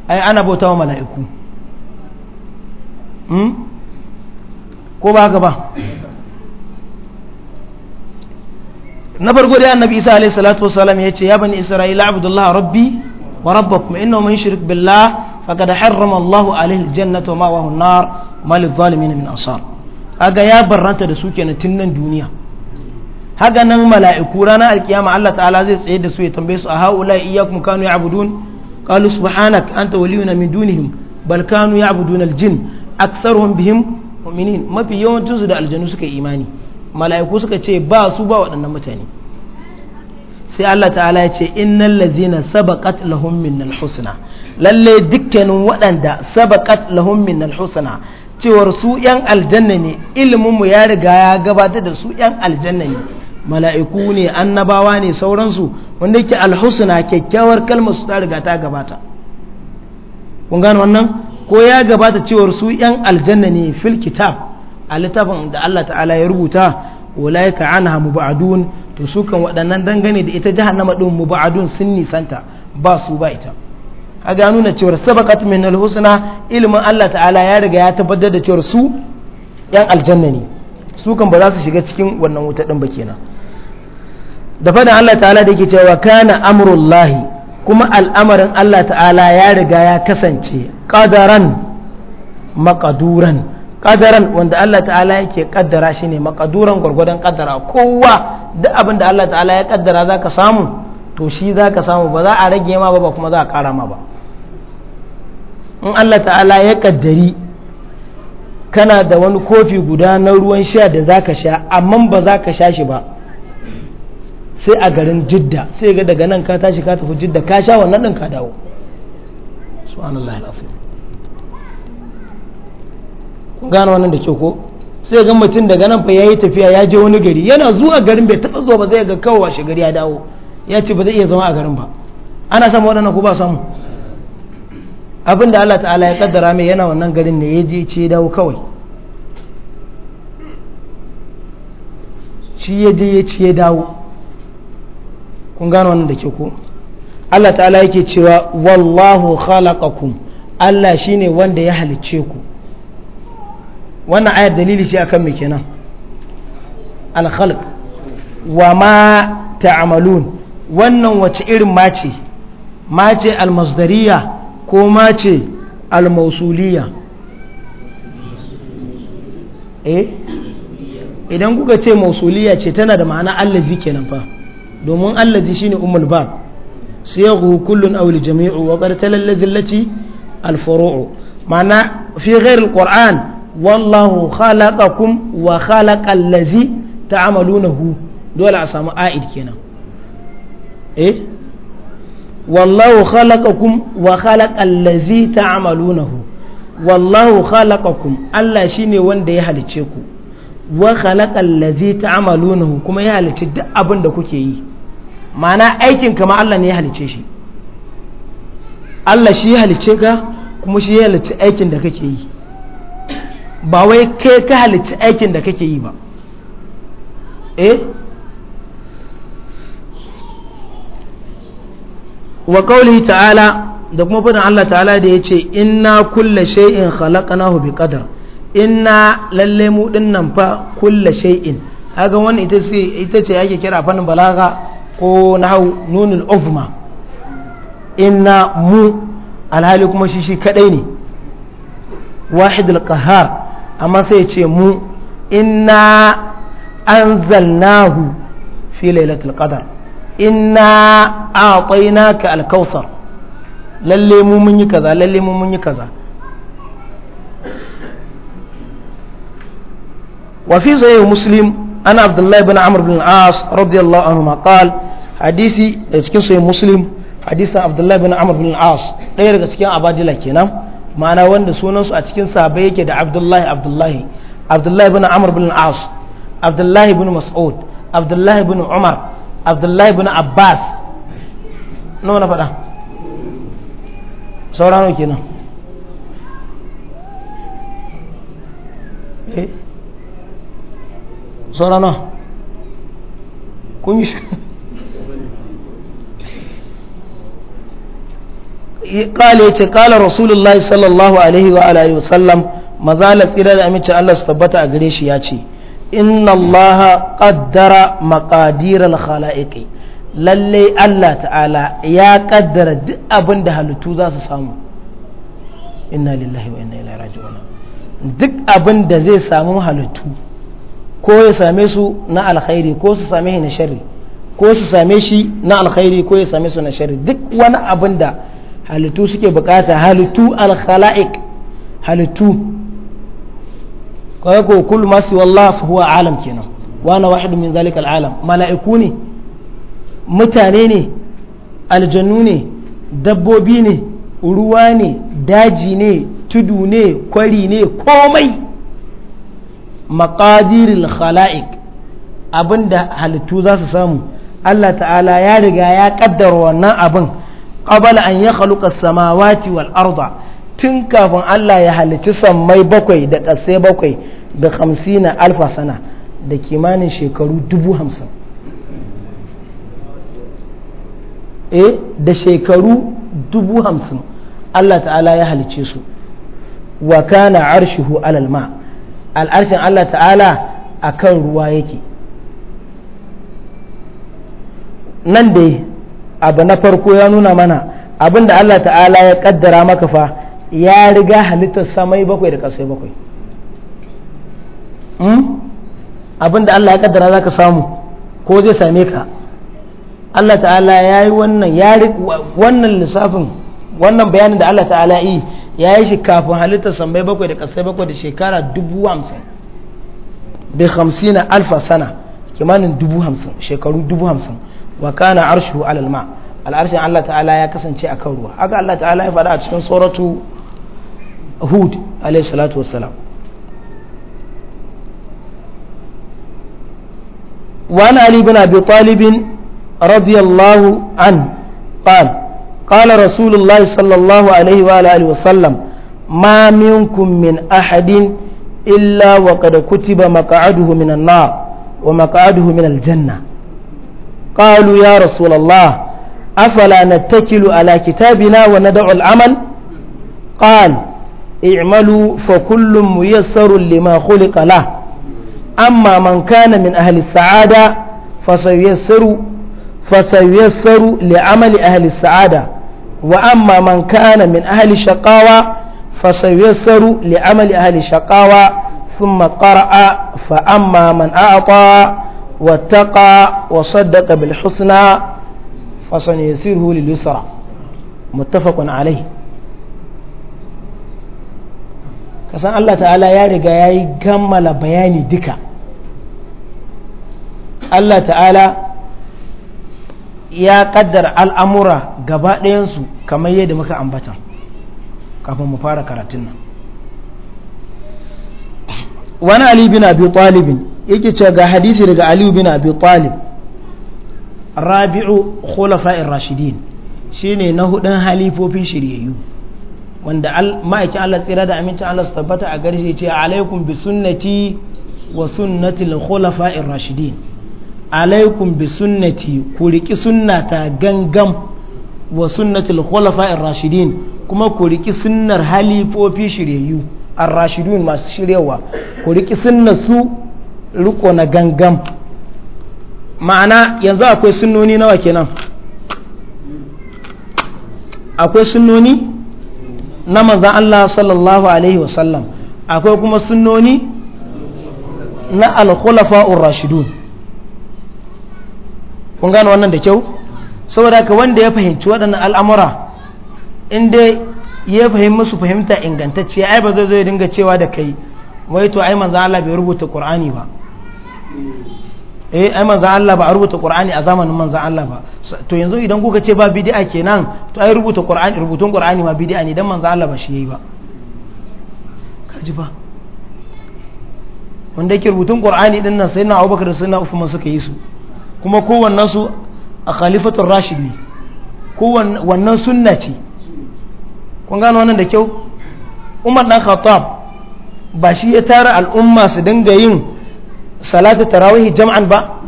ai ana bauta ma mala'iku hmm? ko ba haka ba na farko dai annabi isa alaihi salatu wasalam ya ce ya bani isra'ila abdullahi rabbi وربكم إنه من يشرك بالله فقد حرم الله عليه الجنة ومأواه النار وما للظالمين من أنصار هذا يا برنت دسوك أن تنن دنيا هذا نعم ملائكة رانا القيامة الله تعالى زي سيد دسوي تنبيس هؤلاء إياكم كانوا يعبدون قالوا سبحانك أنت ولينا من دونهم بل كانوا يعبدون الجن أكثرهم بهم mu'minin mafi yawan tunsu da aljanu suka imani mala'iku suka ce ba su ba waɗannan mutane sai Allah ta'ala ya ce innal ladzina sabaqat lahum minnal husna lalle dukkanin waɗanda sabaqat lahum minnal husna cewar su yan aljanna ne ilimin mu ya riga ya gabatar da su yan aljanna ne mala'iku ne annabawa ne sauransu wanda yake alhusna kyakkyawar kalmar su ta riga ta gabata kun gane wannan ko ya gabata cewar su yan aljanna ne fil kitab a littafin da Allah ta'ala ya rubuta ulaika anha mubadun to su kan waɗannan dangane da ita jahannama din mubadun sun nisanta ba su ba ita kaga nuna cewar sabakat min alhusna ilmin Allah ta'ala ya riga ya tabbatar da cewar su yan aljanna ne su kan ba za su shiga cikin wannan wuta din ba kenan da faɗin Allah ta'ala da yake cewa kana amrullahi kuma al'amarin Allah ta'ala ya riga ya kasance qadaran maqduran Ƙadaran wanda Allah ta'ala yake ƙaddara shi ne makaduran gwargwadon kaddara kowa duk abin da Allah ta'ala ya za ka samu to shi za ka samu ba za a rage ma ba kuma za a kara ma ba in Allah ta'ala ya ƙaddari kana da wani kofi guda na ruwan sha da za ka sha amma ba za ka sha shi ba sai a garin jidda sai ga daga nan ka tashi ka tafi jidda ka sha wannan din ka dawo subhanallahi alazim kun gane wannan da ke ko sai ga mutum daga nan fa yayi tafiya ya je wani gari yana zuwa garin bai taba zuwa ba zai ga kawo washe gari ya dawo ya ce ba zai iya zama a garin ba ana samu waɗannan ko ba samu abin da Allah ta'ala ya kaddara mai yana wannan garin ne ya je ce dawo kawai shi ya je ya ce ya dawo kun gano wannan da ke ko Allah ta'ala yake cewa wallahu khalaqakum Allah shine wanda ya halicce ku wannan ayar dalili ce akan me kenan al-khalq wa ma ta'malun wannan wace irin mace mace almasdariya ko mace al eh idan kuka ce mausuliya ce tana da ma'ana allazi kenan fa domin allazi shine ummul bab siyaghu kullun aw al-jami'u wa qad talal ladhillati al ma'ana fi ghairi al wallahu khalaqakum wa khalaqal ladzi ta'malunahu dole a samu a'id kenan eh wallahu khalaqakum wa khalaqal ladzi ta'malunahu wallahu khalaqakum Allah shine wanda ya halice ku wa khalaqal ladzi ta'malunahu kuma ya halice duk abin da kuke yi ma'ana aikin kama Allah ne ya halice shi Allah shi ya halice ka kuma shi ya halice aikin da kake yi ba wai kai ka halicci aikin da kake yi ba eh wa kauli ta'ala da kuma fadin Allah ta'ala da ya yace inna kulla shay'in khalaqnahu bi qadar inna lalle mu dinnan fa kulla shay'in kaga wannan ita ce ita ce ake kira fannin balaga ko nahwu nunul ufma inna mu alhali kuma shi shi kadai ne wahidul qahar amma sai ce mu inna anzalnahu fi lailatul qadar inna a'tainaka naka alkausar lalle mu mun yi kaza lalle mu mun yi kaza وفي صحيح مسلم أنا عبد الله بن عمرو بن العاص رضي الله عنهما قال حديثي cikin صحيح مسلم حديث عبد الله بن عمرو بن العاص ɗaya daga cikin abadila kenan ma'ana wanda sunansu a cikin sahabbai yake da abdullahi abdullahi abdullahi bin amr bin as abdullahi bin mas'ud abdullahi bin umar abdullahi bin abbas nawa na faɗa saurano kenan eh? saurano kun yi قال يتي قال رسول الله صلى الله عليه وآله وسلم مزال تيرا دا امين الله ثبت ا غري شي ياتي ان الله قدر مقادير الخلائق lalle Allah ta'ala ya kaddara duk abin da halittu za su samu inna lillahi wa inna ilaihi raji'un duk abin da zai samu halittu ko ya same su na alkhairi ko su same shi na sharri ko su same shi na alkhairi ko ya same su na sharri duk wani abin da halittu suke bukata halittu al-khala'iq halittu kawai ko kullu ma siwa huwa alam kenan wa ana wahidu min zalika al-alam mala'iku ne mutane ne aljannu ne dabbobi ne ruwa ne daji ne tudu ne kwari ne komai maqadirul khala'iq abinda halittu za su samu Allah ta'ala ya riga ya kaddara wannan abin qabala an yakhluqa samawati wal arda tun kafin Allah ya halicci sammai bakwai da ƙasai bakwai da hamsina alfa sana da kimanin shekaru dubu hamsin eh da shekaru dubu hamsin Allah ta'ala ya halicce su wa kana arshihu alal ma al'arshin Allah ta'ala akan ruwa yake nan dai abu na farko ya nuna mana abin da Allah ta'ala ya kaddara maka fa ya riga halittar samai bakwai da kasai bakwai hmm? abin da Allah ya kaddara za ka samu ko zai same ka Allah ta'ala ya yi wannan wannan lissafin wannan bayanin da Allah ta'ala yi ya yi shi kafin halittar samai bakwai da kasai bakwai da shekara dubu hamsin da hamsin alfa sana kimanin dubu hamsin shekaru dubu hamsin wa kana arshu alal ma al'arshin Allah ta'ala ya kasance a ruwa haka Allah ta'ala ya faɗa a cikin suratu hud alayhi salatu wassalam وعن علي بن أبي طالب رضي الله عنه قال قال رسول الله صلى الله عليه وآله وسلم illa منكم من أحد إلا وقد كتب مقعده من النار ومقعده قالوا يا رسول الله أفلا نتكل على كتابنا وندع العمل قال اعملوا فكل ميسر لما خلق له أما من كان من أهل السعادة فسيسر فسيسر لعمل أهل السعادة وأما من كان من أهل الشقاوة فسيسر لعمل أهل الشقاوة ثم قرأ فأما من أعطى واتقى وصدق بالحسنى فسنيسره لليسرى متفق عليه kasan Allah ta'ala ya riga ya yi gammala bayani duka Allah ta'ala ya kaddara al'amura gaba ɗayansu kamar yadda muka ambata kafin mu fara karatun nan wani ali bin abi talibin yake ce ga hadisi daga aliyu bin abi talib rabi'u khulafa'ir rashidin shine na hudun halifofi shiryayyu wanda ma'aikin Allah tsira da amincin Allah su tabbata a garshe ce alaikum bi sunnati wa sunnati khulafa'ir rashidin alaikum bi sunnati ku riki sunnata gangam wa sunnati khulafa'ir rashidin kuma ku riki sunnar halifofi shiryayyu ar-rashidun masu shiryawa ku riki sunnar su riko na gangan ma'ana yanzu akwai sunnoni nawa kenan akwai sunnoni na manzan Allah sallallahu alaihi wasallam akwai kuma sunnoni na alkhulafa'ur rashidun kun gane wannan da kyau saboda ka wanda ya fahimci waɗannan al'amura inda ya fahimci fahimta ingantacciya ai ba zai zo ya dinga cewa da kai wai to ai manzo Allah bai rubuta Qur'ani ba eh ai manzo Allah ba a rubuta Qur'ani a zamanin manzo Allah ba to yanzu idan kuka ce ba bid'a kenan to ai rubuta Qur'ani rubutun Qur'ani ma bid'a ne dan manzo Allah ba shi yayi ba kaji ba wanda yake rubutun Qur'ani din nan sai na Abubakar da Sayyidina Uthman suka yi su kuma kowannen su a khalifatul Rashid ne kowannen sunna ce kun gano wannan da kyau Umar dan Khattab ba shi ya tara al'umma su dinga yin salatu tarawih jam'an ba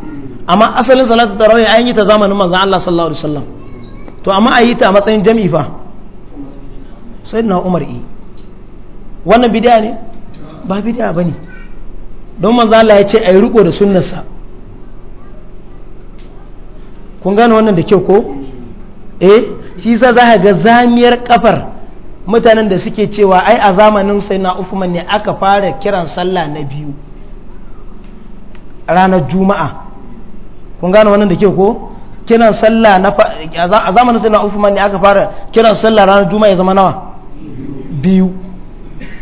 amma asalin salatu tarawih an yi ta zamanin manzon Allah sallallahu alaihi wasallam to amma a yi ta a matsayin jam'i fa sai na Umar yi eh. wannan bid'a ne ba bid'a bane don manzon Allah ya ce ayi riko da sunnarsa kun gane wannan da kyau ko eh shi sa za ga zamiyar kafar mutanen da suke cewa ai a zamanin sai na ufuman ne aka fara kiran sallah na biyu ranar juma'a kun gane wannan da ke ko kiran sallah na a zamanin sai na ufuman ne aka fara kiran sallah ranar juma'a ya zama nawa biyu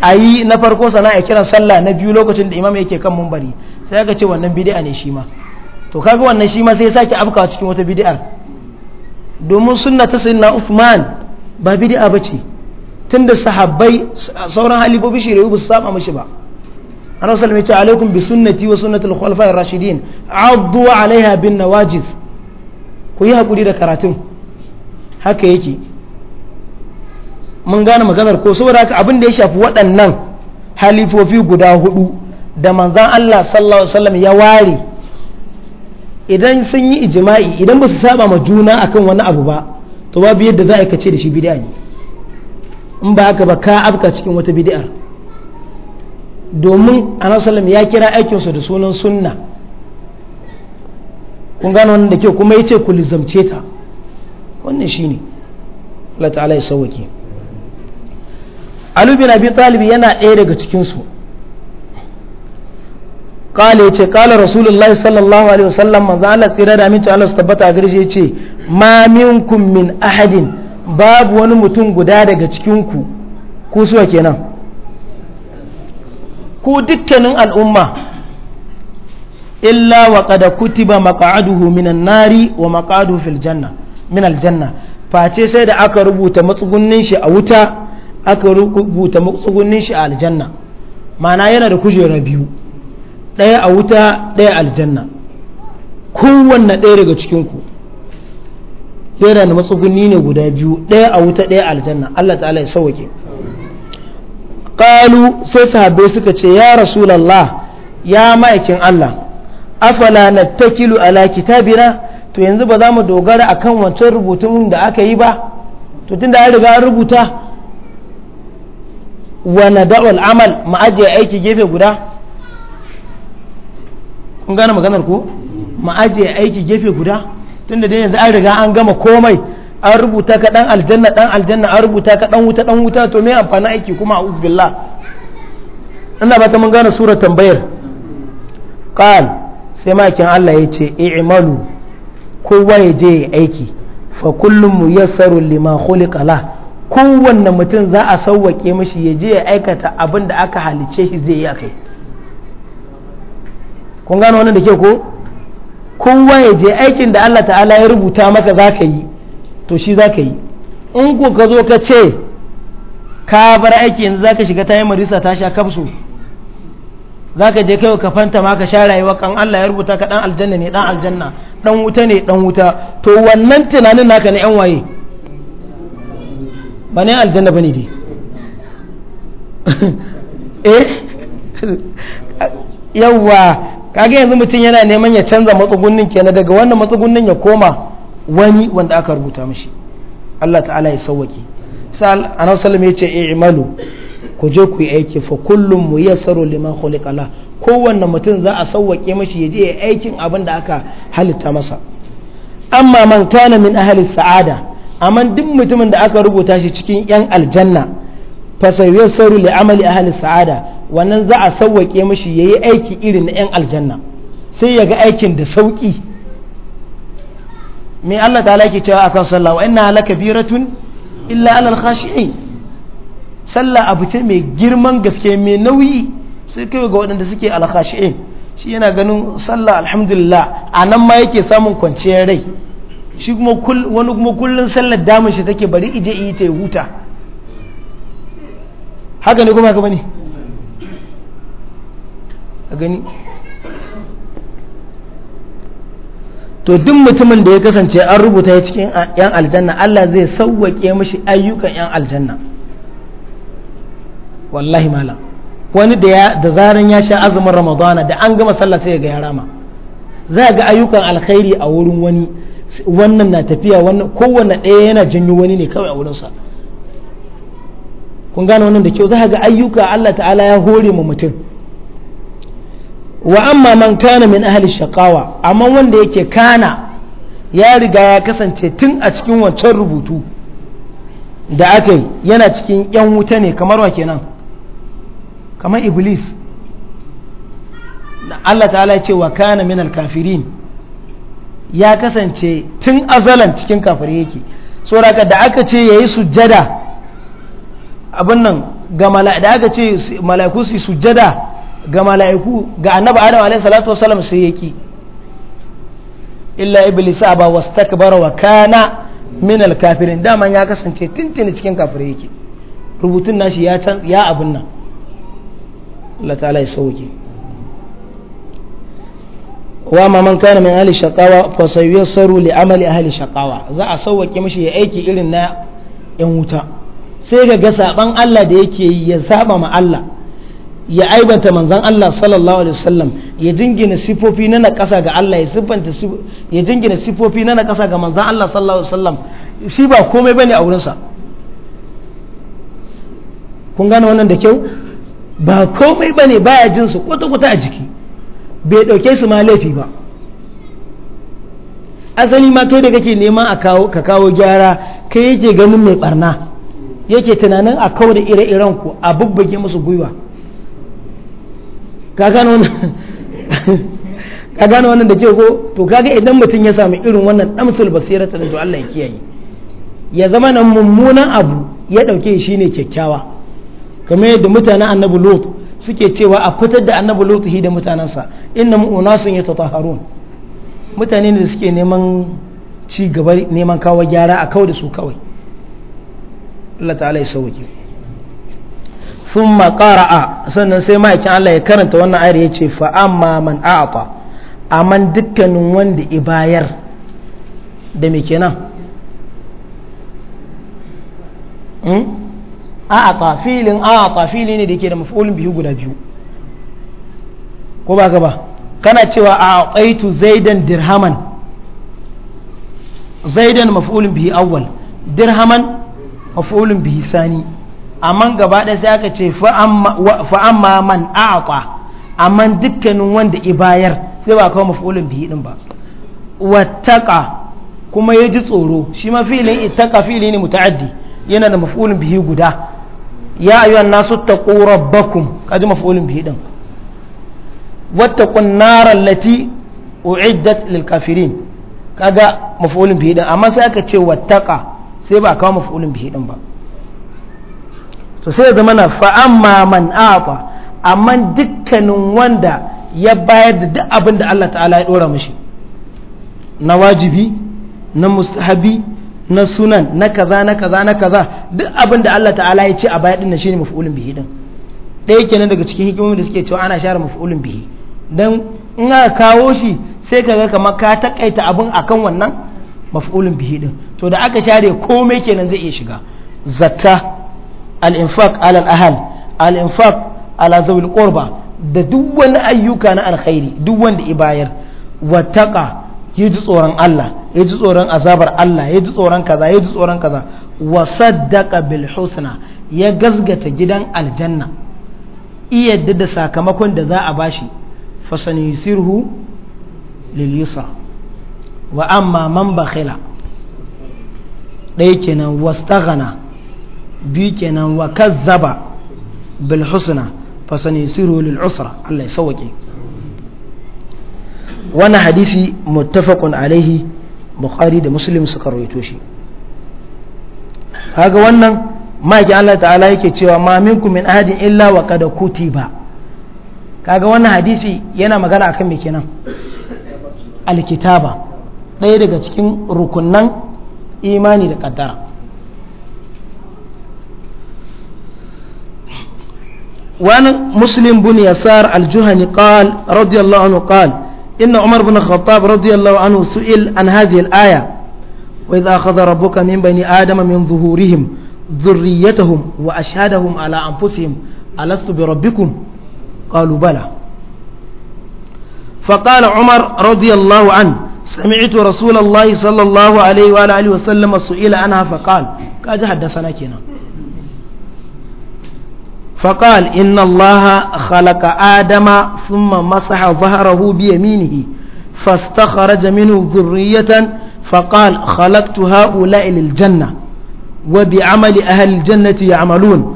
a yi na farko sana'a kiran sallah na biyu lokacin da imam yake kan mumbari sai aka ce wannan bidi'a ne shi ma to kaga wannan shi ma sai ya sake afkawa cikin wata bidi'ar domin sunna ta na ufuman ba ba bace tunda sahabbai sauran halibobi shirayu ba su saba mashi ba annabi sallallahu alaihi wasallam alaikum bi sunnati wa sunnati al rashidin addu alaiha bin nawajid ku yi hakuri da karatun haka yake mun gane maganar ko saboda haka abin da ya shafi waɗannan halifofi guda hudu da manzan Allah sallallahu alaihi wasallam ya ware idan sun yi ijma'i idan ba su saba ma juna akan wani abu ba to babu yadda za a kace da shi bid'a ne in ba haka ba ka afka cikin wata bid'ar domin anasalam ya kira aikinsa da sunan sunna kun gano wannan da ke kuma ya ce ku lizamce ta wannan shi ne Allah ta'ala ya sauwake alubi na biyu talibi yana ɗaya daga cikinsu kala ya ce kala rasulullahi sallallahu alaihi wasallam manzo ala tsira da aminci ala su tabbata a gari shi ya ce ma minkum min ahadin babu wani mutum guda daga cikinku ku suwa kenan ku dukkanin al'umma illa wa qad kutiba maq'aduhu minan nari wa maq'aduhu fil min aljanna face sai da aka rubuta matsugunnin shi a wuta aka rubuta matsugunnin shi a aljanna mana yana da kujera biyu ɗaya a wuta ɗaya aljanna kowanne ɗaya daga cikinku yana da matsuguni ne guda biyu ɗaya a wuta ɗaya aljanna Allah ta'ala ya sauke Ƙalu sai sahabbai suka ce ya rasulallah ya ma'aikin Allah afala na nattakilu ala kitabina to yanzu ba za mu dogara a kan wancan rubutun da aka yi ba to tun da an riga an rubuta wa da'ul amal mu aiki gefe guda kun maganar ko mu aiki gefe guda tunda dai yanzu an riga an gama komai an rubuta ka dan aljanna dan aljanna an rubuta ka dan wuta dan wuta to me amfani aiki kuma a uzbillah ina ba ta mun gane sura tambayar qal sai makin Allah ya ce i'malu kowa ya je aiki fa kullum muyassaru lima khuliqa la kowanne mutum za a sauwake mashi ya je ya aikata abin da aka halice shi zai yi kai. kun gano wannan da ke ko kowa ya je aikin da Allah ta'ala ya rubuta maka za ka yi to shi za ka yi in ko ka zo ka ce ka bar aiki yanzu za ka shiga ta yi marisa ta sha kafsu za ka je kai ka fanta ma ka sha rayuwa kan Allah ya rubuta ka dan aljanna ne dan aljanna dan wuta ne dan wuta to wannan tunanin naka na yan waye ba ne aljanna bane dai eh yawwa kage yanzu mutum yana neman ya canza matsugunnin kenan daga wannan matsugunnin ya koma wani wanda aka rubuta mishi Allah ta'ala ya sauwake sal annabi sallallahu ya ce i'malu ku je ku yi aiki fa kullum muyassaru liman khuliqala ko kowanne mutum za a sauwake mishi ya je aikin abin da aka halitta masa amma man kana min ahli sa'ada amma duk mutumin da aka rubuta shi cikin yan aljanna fa sayyasaru li amali ahli sa'ada wannan za a sauwaƙe mashi ya yi aiki irin na 'yan aljanna sai ya ga aikin da sauƙi mai Allah ta ke cewa akan sallah wa ina halaka biratun illa alal khashi'in sallah abu ce mai girman gaske mai nauyi sai kai ga waɗanda suke al khashi'in shi yana ganin sallah alhamdulillah a nan ma yake samun kwanciyar rai shi kuma wani kuma kullun sallar damun shi take bari ije yi ta huta haka ne kuma ka bane a gani to duk mutumin da ya kasance an rubuta ya cikin 'yan aljanna Allah zai sauwaƙe mashi ayyukan 'yan aljanna wallahi mala wani da zaran ya sha azumin ramadana da an gama sallah sai ga ya rama za ga ayyukan alkhairi a wurin wani wannan na tafiya wannan kowanne ɗaya yana janyo wani ne kawai a wurinsa kun gane wannan da kyau za ga ayyuka Allah ta'ala ya hore mu mutum wa amma man kana min ahli shaqawa amma wanda yake kana ya riga ya kasance tun a cikin wancan rubutu da aka yana cikin yan wuta ne kamar wa kenan kamar iblis Allah ta'ala ce wa kana min alkafirin ya kasance tun azalan cikin kafirai yake saboda da aka ce yayi sujjada abin nan ga da aka ce mala'iku su sujjada ga mala'iku ga annaba adam alaihi salatu wasallam sai yaki illa ba wasu takabar wa kana min alkafirin dama ya kasance tintini cikin kafirai yake rubutun nashi ya can ya abin nan Allah ta'ala ya sauke wa ma man kana min ahli shaqawa fa li amali ahli shaqawa za a sauke mashi ya aiki irin na yan wuta sai ga ga saban Allah da yake yi ya saba ma Allah ya aibanta manzan Allah sallallahu alaihi wasallam ya jingina sifofi na na ƙasa ga Allah ya siffanta ya jingina sifofi na na ƙasa ga manzan Allah sallallahu alaihi wasallam shi ba komai bane a wurinsa kun gane wannan da kyau ba komai bane baya jin su kwata-kwata a jiki bai dauke su ma laifi ba asali ma kai da kake nema a kawo ka kawo gyara kai yake ganin mai barna yake tunanin a kawo da ire-iren ku a bubbuge musu gwiwa ka gano wannan da ke ko to kaga idan mutum ya sami irin wannan damsul basira ta da Allah ya kiyaye ya zama nan mummunan abu ya dauke shi ne kyakkyawa kamar yadda mutanen annabi lot suke cewa a fitar da annabi lot hi da mutanansa inna mu'nasun yatataharun mutane ne da suke neman ci gaba neman kawo gyara a kawai da su kawai Allah ta'ala ya sauke ثم maƙara'a sannan sai ما Allah ya karanta wannan ayar yace fa amma man a'ata aman dukkanin wanda ibayar da me kenan a'ata hmm? filin a'ata fili ne da yake da maf'ulun biyu guda biyu ko ba ba kana cewa a'ataitu zaidan dirhaman zaidan maf'ulun bihi awwal dirhaman maf'ulun bihi sani amma gaba ɗaya sai aka ce fa'amma man aqa amma dukkanin wanda ibayar sai ba kawo mafulun bihi din ba wattaqa kuma ya ji tsoro shi ma fi'ilin ittaqa fi'ili ne muta'addi yana da mafulun bihi guda ya an nasu taqu rabbakum kaji mafulun bihi din wattaqun naral lati u'iddat lil kafirin kaga mafulun bihi din amma sai aka ce wattaqa sai ba kawo mafulun bihi din ba to sai ya zama na fa'amma man afa amma dukkanin wanda ya bayar da duk abin da Allah ta'ala ya dora mashi na wajibi na mustahabi na sunan na kaza na kaza na kaza duk abin da Allah ta'ala ya ce a bayar din shine maf'ulun bihi din ɗaya kenan daga cikin hikimomin da suke cewa ana share maf'ulun bihi dan in aka kawo shi sai kaga kamar ka takaita abin akan wannan maf'ulun bihi din to da aka share komai kenan zai iya shiga zata. al-infaq ala ahal al-infaq da duk wani ayyuka na alkhairi duk wanda i bayar wattaqa ji tsoron Allah ya ji tsoron azabar Allah ya ji tsoron kaza ya ji tsoron kaza wa saddaqa bil husna ya gazgata gidan aljanna iya da sakamakon da za a bashi fasaniyusirhu lil yusra wa amma man bakhila ɗaya kenan wastaghana biyu kenan wa kazzaba bil husna fa sanisiru lil usra Allah ya sauke wani hadisi muttafaqun alaihi bukhari da muslim suka rawaito shi kaga wannan maki Allah ta'ala yake cewa ma minkum min ahadin illa wa qad kutiba kaga wannan hadisi yana magana akan me kenan alkitaba ɗaya daga cikin rukunnan imani da kaddara وعن مسلم بن يسار الجهني قال رضي الله عنه قال إن عمر بن الخطاب رضي الله عنه سئل عن هذه الآية وإذا أخذ ربك من بني آدم من ظهورهم ذريتهم وأشهدهم على أنفسهم ألست بربكم قالوا بلى فقال عمر رضي الله عنه سمعت رسول الله صلى الله عليه وآله وسلم سئل عنها فقال كاد حدثنا كنا فقال إن الله خلق آدم ثم مسح ظهره بيمينه فاستخرج منه ذرية فقال خلقت هؤلاء للجنة وبعمل أهل الجنة يعملون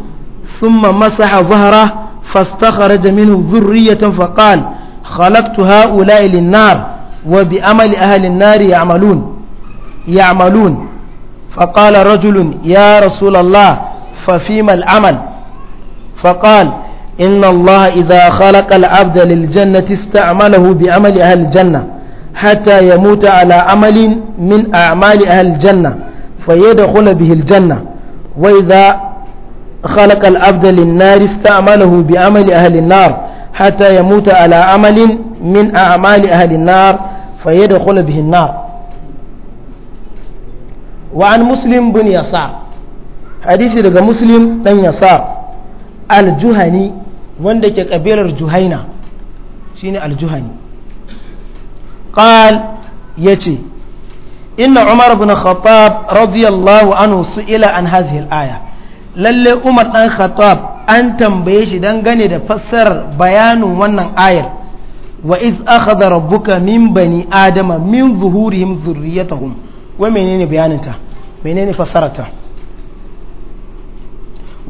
ثم مسح ظهره فاستخرج منه ذرية فقال خلقت هؤلاء للنار وبعمل أهل النار يعملون يعملون فقال رجل يا رسول الله ففيما العمل؟ فقال إن الله إذا خلق العبد للجنة استعمله بعمل أهل الجنة حتى يموت على عمل من أعمال أهل الجنة فيدخل به الجنة وإذا خلق العبد للنار استعمله بعمل أهل النار حتى يموت على عمل من أعمال أهل النار فيدخل به النار وعن مسلم بن يسار حديث daga muslim dan yasar aljuhani wanda ke kabilar juhaina ne aljuhani qal ce inna umar bin khattab radiyallahu anhu ila an hadhihi aya lalle umar dan khattab an tambaye shi dangane da fassarar bayanin wannan ayar wa iz akhadha rabbuka min bani adama min zuhurihim dhurriyyatahum wa menene bayaninta menene fassararta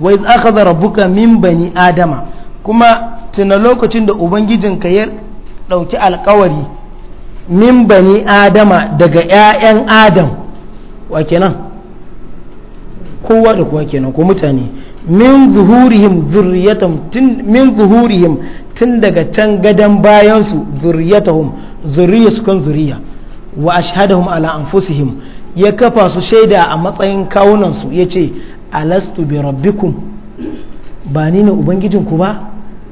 wa iz akhadha rabbuka min bani adama kuma tuna lokacin da ubangijinka ya dauki alkawari min bani adama daga ƴaƴan adam wa kenan kowa da kowa kenan ko mutane min zuhurihim zurriyatum tun min zuhurihim tun daga can gadan bayan su zurriyatahum zurriya su kan zuriya wa ashhadahum ala anfusihim ya kafa su shaida a matsayin kawunan su yace alastu bi rabbikum ba ni ne ubangijinku ba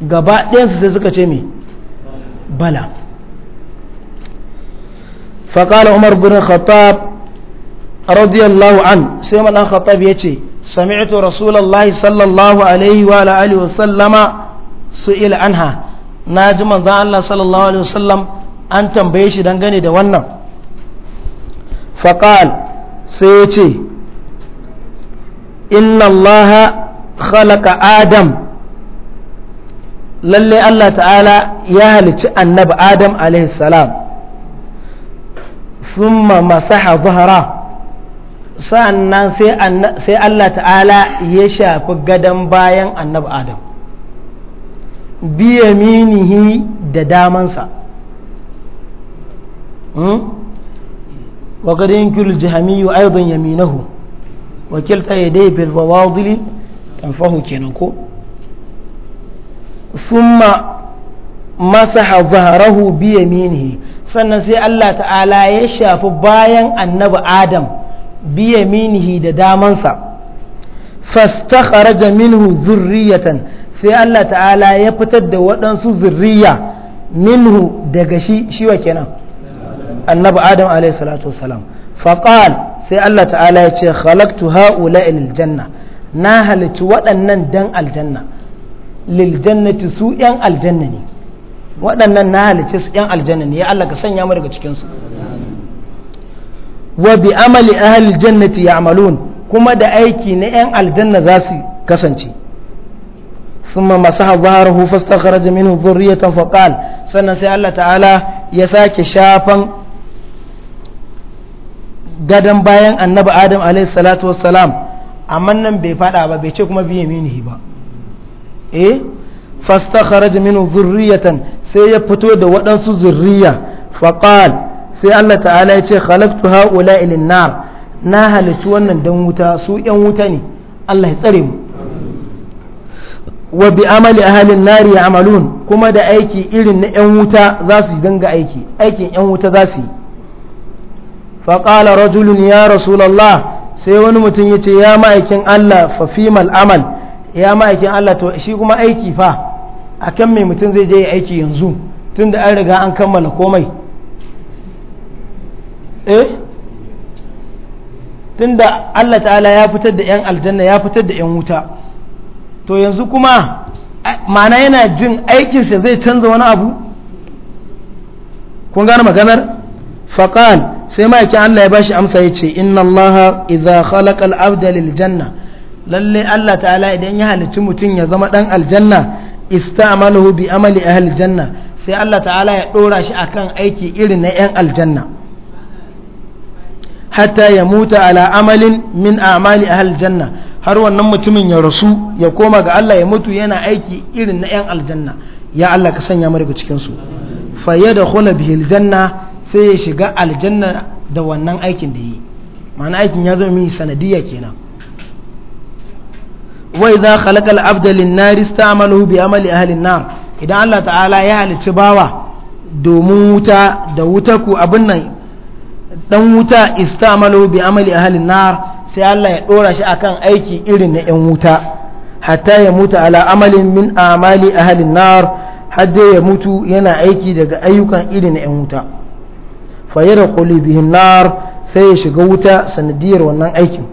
gaba ɗayansu sai suka ce me bala faƙala umar bin khattab radiyallahu an sai malan khattab ya ce sami'tu rasulullahi sallallahu alaihi wa alihi wa sallama su'ila anha na ji manzan Allah sallallahu alaihi wasallam an tambaye shi dangane da wannan faƙal sai ya ce inna allaha khalaqa adam lalle Allah ta'ala ya halici annabi adam alaihissalam thumma masaha zahara sannan sai Allah ta'ala ya shafi gadon bayan annabi adam biyaminihi da damansa wa gadin kul jihamiyu aidon yaminahu wakilta ya dai bil bawadili tamfahu kenan ko thumma masaha zaharahu bi yaminihi sannan sai Allah ta'ala ya shafi bayan annabi Adam bi yaminihi da damansa fastakharaja minhu zurriyatan sai Allah ta'ala ya fitar da waɗansu zurriya minhu daga shi shi wa kenan annabi Adam alaihi salatu wassalam faqal sai Allah ta'ala ya ce khalaqtu ha'ula lil janna na halici waɗannan dan aljanna lil jannati su yan aljanna ne waɗannan na halice su yan aljanna ne ya Allah ka sanya mu daga cikin su wa bi amali ahli jannati ya'malun kuma da aiki na yan aljanna za su kasance thumma masaha dhahrahu fastakhraja minhu dhurriyatan faqal sannan sai Allah ta'ala ya sake shafan gadon bayan annabi adam alaihi salatu wassalam amma nan bai fada ba bai ce kuma biye minihi ba eh fastakharaj minhu zurriyatan sai ya fito da waɗansu zurriya faqal sai Allah ta'ala ya ce khalaqtu haula ilin nar na halici wannan dan wuta su yan wuta ne Allah ya tsare mu wa bi amali ahalin nari ya amalun kuma da aiki irin na yan wuta za su dinga aiki aikin yan wuta za su yi faƙala rajulun ya rasulallah sai wani mutum ya ce ya ma'aikin Allah fafimal amal ya ma'aikin Allah to shi kuma aiki fa a kan mai mutum zai je aiki yanzu tun da an riga an kammala komai eh tun da Allah ta'ala ya fitar da 'yan aljanna ya fitar da 'yan wuta to yanzu kuma ma'ana yana jin aikinsa zai canza wani abu kun gane maganar faƙal sai ma'aikin Allah ya bashi amsa ya ce inna Allah idza khalaqa al-abda lil janna lalle Allah ta'ala idan ya halicci mutum ya zama dan aljanna istamalahu bi amali ahli janna sai Allah ta'ala ya dora shi akan aiki irin na yan aljanna hatta ya muta ala amalin min a'mali ahli janna har wannan mutumin ya rasu ya koma ga Allah ya mutu yana aiki irin na yan aljanna ya Allah ka sanya mu daga cikin su fa yadkhulu bihi aljanna sai ya shiga aljanna da wannan aikin da yi ma'ana aikin ya zama mini sanadiyya kenan Wai za khalaqa al-abda lin-nar ista'malahu bi amali ahli an-nar idan Allah ta'ala ya halicci bawa domin wuta da wuta ku abin nan dan wuta ista'malahu bi amali ahli an-nar sai Allah ya dora shi akan aiki irin na yan wuta hatta ya mutu ala amalin min amali ahli an-nar hadda ya mutu yana aiki daga ayyukan irin na yan wuta fa yadkhulu bihin nar sai ya shiga wuta sanadiyar wannan aikin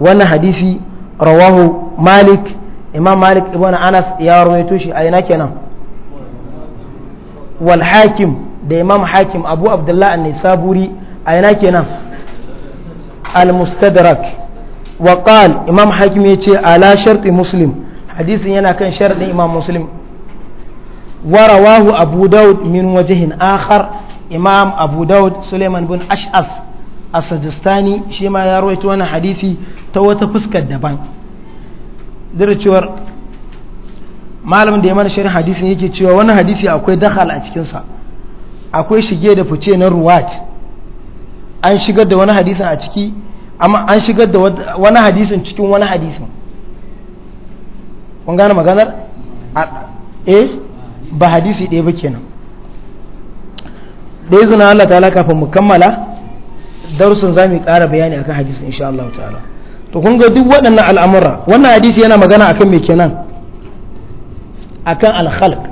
wannan hadisi rawahu malik imam malik ibn anas ya rawaito shi a ina kenan wal hakim da imam hakim abu abdullah an saburi a ina kenan al mustadrak wa qal imam hakim ce ala sharti muslim hadisin yana kan sharadin imam muslim wa rawahu abu daud min wajihin akhar imam abu daud suleiman bin ash'af a sajistani shi ma ya rawaito wani hadisi ta wata fuskar daban dira cewar malamin da ya mana shirin hadisin yake cewa wani hadisi akwai dakhal a cikinsa akwai shige da fice na ruwat an shigar da wani hadisin a ciki amma an shigar da wani hadisin cikin wani hadisin kun gane maganar eh ba hadisi ɗaya ba kenan da izina Allah ta'ala kafin mu kammala darussan za mu ƙara bayani akan hadisi insha Allah ta'ala to kun ga duk waɗannan al'amura wannan hadisi yana magana akan me kenan akan al-khalq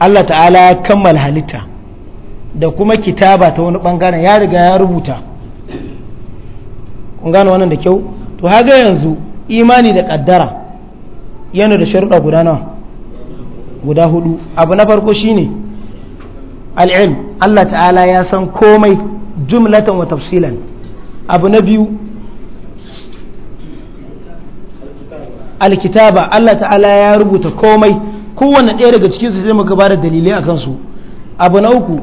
Allah ta'ala ya kammala halitta da kuma kitaba ta wani bangaren ya riga ya rubuta kun gane wannan da kyau to haga yanzu imani da kaddara yana da sharuɗa guda nawa guda hudu abu na farko shine al-ilm Allah ta'ala ya san komai jumlatan wa tafsilan abu na biyu alkitaba Allah ta'ala ya rubuta komai kowane ɗaya daga cikin su sai muka ba da dalilai a kansu abu na uku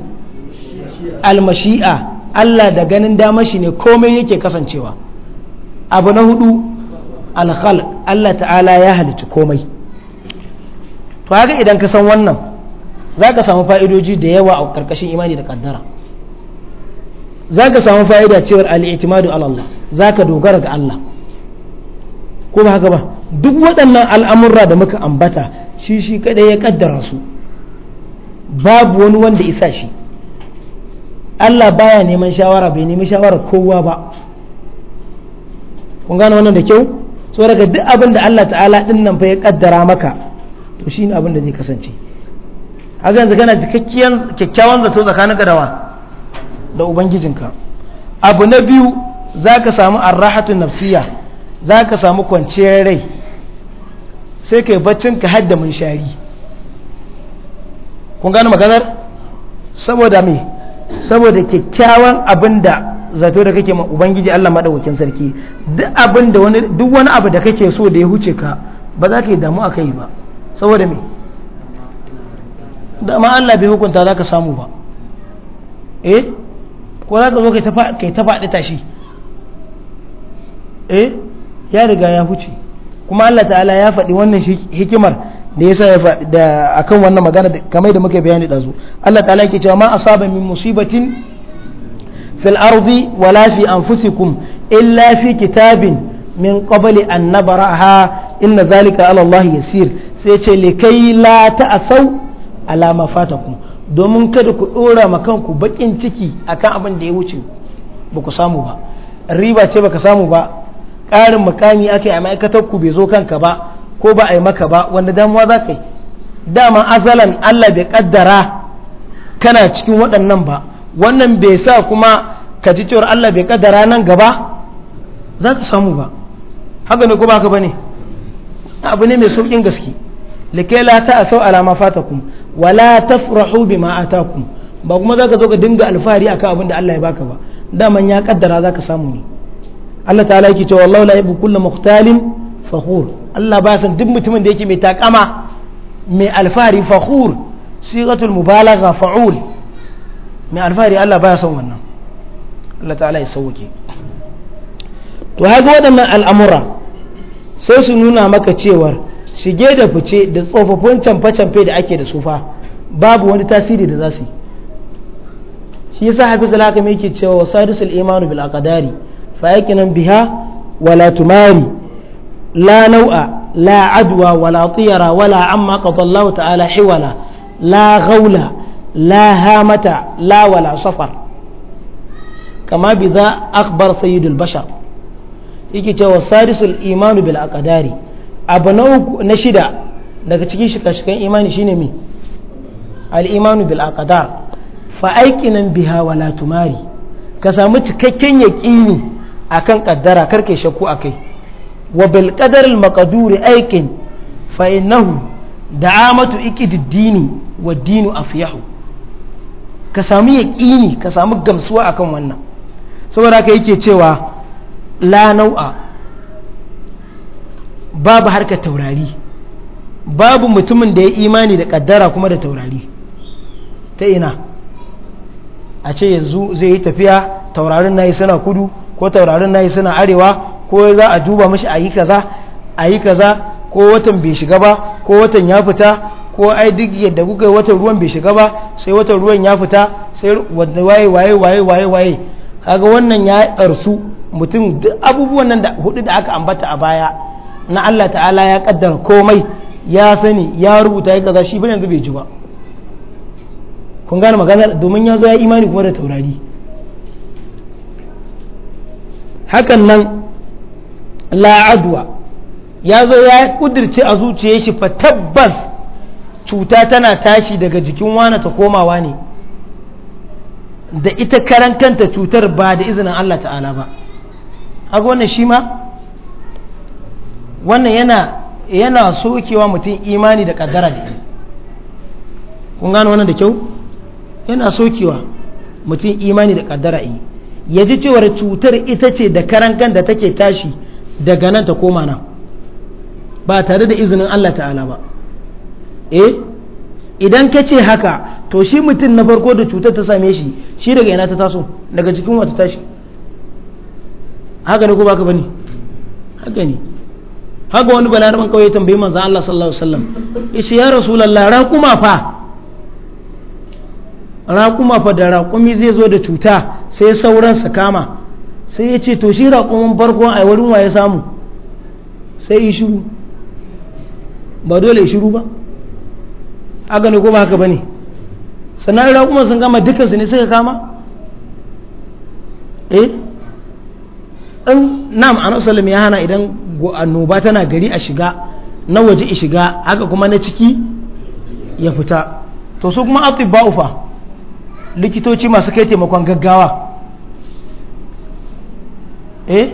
almashi'a Allah da ganin dama shi ne komai yake kasancewa abu na hudu alkhalq Allah ta'ala ya halitta komai to haka idan ka san wannan za ka samu fa'idoji da yawa a ƙarƙashin imani da kaddara za ka samu fa'ida cewar al'itimadu Allah za ka dogara ga Allah ko ba haka ba duk waɗannan al'amurra da muka ambata shi shi kaɗai ya ƙaddara su babu wani wanda isa shi Allah baya neman shawara bai nemi shawara kowa ba kun gano wannan da kyau so daga duk abin da Allah ta'ala ɗin nan fa ya ƙaddara maka to shi ne abin da zai kasance haka yanzu kana cikakkiyar kyakkyawan zato tsakanin ka dawa da ubangijinka abu na biyu za ka samu arrahatun nafsiya za ka samu kwanciyar rai sai ka yi baccin ka hadda munshari kun gane maganar saboda me saboda kyakkyawan abin da zato da kake ma ubangiji Allah maɗaukakin sarki duk wani duk wani abu da kake so da ya huce ka ba za ka yi damu a kai ba saboda me da ma Allah bai hukunta za ka samu ba eh ko za ka zo kai ta faɗi tashi eh ya riga ya huce kuma Allah ta'ala ya faɗi wannan hikimar da sa ya faɗi da akan wannan magana kamar da muka bayani ɗazu Allah ta'ala yake cewa ma asaba min musibatin fil ardi wala fi anfusikum illa fi kitabin min qabli an nabaraha inna zalika ala Allah yasir sai ce likai la ta'asau alama fatakum domin kada ku dora ma kanku bakin ciki akan abin da ya wuce ba ku samu ba riba ce baka samu ba ƙarin makami ake a ma'aikatar ku bai zo kanka ba ko ba a yi maka ba wanda damuwa za ka yi dama azalan Allah bai kaddara kana cikin waɗannan ba wannan bai sa kuma ka ji cewar Allah bai kaddara nan gaba za ka samu ba haka ne ko ba ka ba ne abu ne mai sauƙin gaske lake la ta asau alama fatakum wala tafrahu bima atakum ba kuma zaka zo ka dinga alfahari akan abin da Allah ya baka ba daman ya kaddara zaka samu ne Allah ta'ala yake cewa wallahu la yuhibbu kullu mukhtalin fakhur Allah ba san duk mutumin da yake mai takama mai alfahari fakhur sigatul mubalagha fa'ul mai alfahari Allah ba san wannan Allah ta'ala ya sauke to haka waɗannan al'amura sai su nuna maka cewar shige da fice da tsofaffin camfe-camfe da ake da sufa babu wani tasiri da za su yi shi yasa hafiz al-hakam yake cewa wasadisul imanu bil aqdari fa yakinan biha wala tumari la nau'a la adwa wala tiyara wala amma qadallahu ta'ala hiwala la ghawla la hamata la wala safar kama bi za akbar sayyidul bashar yake cewa sadisul imanu bil aqdari abu na shida daga cikin shika-shikan imani shine me al'imanu bil aqdar fa aikinan biha wala tumari ka samu cikakken a akan ƙaddara karke shakku kai wa bil qadar makaduri aikin fa da amatu ikididdini wa dinu a fiyahu ka samu yaƙini ka samu gamsuwa akan wannan saboda haka yake cewa la nau'a babu harkar taurari babu mutumin da ya imani da kaddara kuma da taurari ta ina a ce yanzu zai yi tafiya taurarin na yi suna kudu ko taurarin na yi suna arewa ko za a duba mashi a yi kaza a yi kaza ko watan bai shiga ba ko watan ya fita ko ai duk yadda kuka watan ruwan bai shiga ba sai watan ruwan ya fita sai waye waye waye waye waye kaga wannan ya karsu mutum duk abubuwan nan da hudu da aka ambata a baya na Allah ta'ala ya kaddara komai ya sani ya rubuta ya kaza shi bane zube ji ba kun gane maganar domin ya zo ya imani kuma da taurari hakan nan la'adwa ya zo ya kudirce a zuciya shi fa tabbas cuta tana tashi daga jikin wani ta komawa ne da ita karan kanta cutar ba da izinin Allah ta'ala ba haka wannan shi ma wannan yana yana sokewa mutum imani da kaddara da kun gano wannan da kyau yana sokewa mutum imani da kaddara yi ya ji cewar cutar ita ce da karankan da take tashi daga nan ta koma nan ba tare da izinin Allah ta'ala ba eh idan ka ce haka to shi mutum na farko da cutar ta same shi shi daga yana ta taso daga cikin wata tashi haka ne ko baka bane haka ne haka wani balaraban kawai tambayi manzan Allah sallallahu alaihi wasallam yace ya rasulullah raquma fa raquma fa da raqumi zai zo da cuta sai sauran su kama sai ya ce to shi raƙumin farko a wurin wa ya samu sai yi shiru ba dole yi shiru ba a ne ko ba haka ba ne sannan raquman sun kama dukansu su ne suka kama eh in nam an nasalim ya hana idan annoba tana gari a shiga na waje a shiga haka kuma na ciki ya fita to su kuma ba ufa likitoci masu kai taimakon gaggawa eh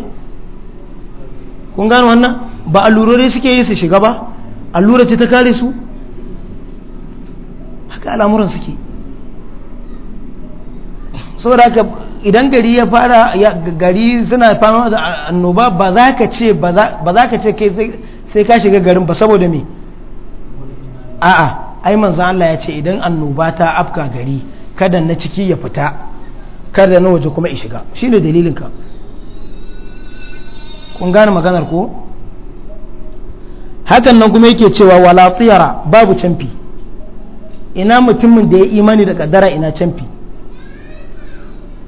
kun gano wannan ba allurori suke yi su shiga ba allura ce ta kare su haka al'amuran suke saboda haka idan gari ya fara gari suna fama da annoba ba za ka ce ba za ka ce sai ka shiga garin ba saboda me a'a ai manzan Allah ya ce idan annoba ta afka gari kada na ciki ya fita kada na waje kuma ya shiga shine dalilin ka kun gane maganar ko hakan nan kuma yake cewa wala tsiyara babu canfi ina mutumin da ya imani da kaddara ina canfi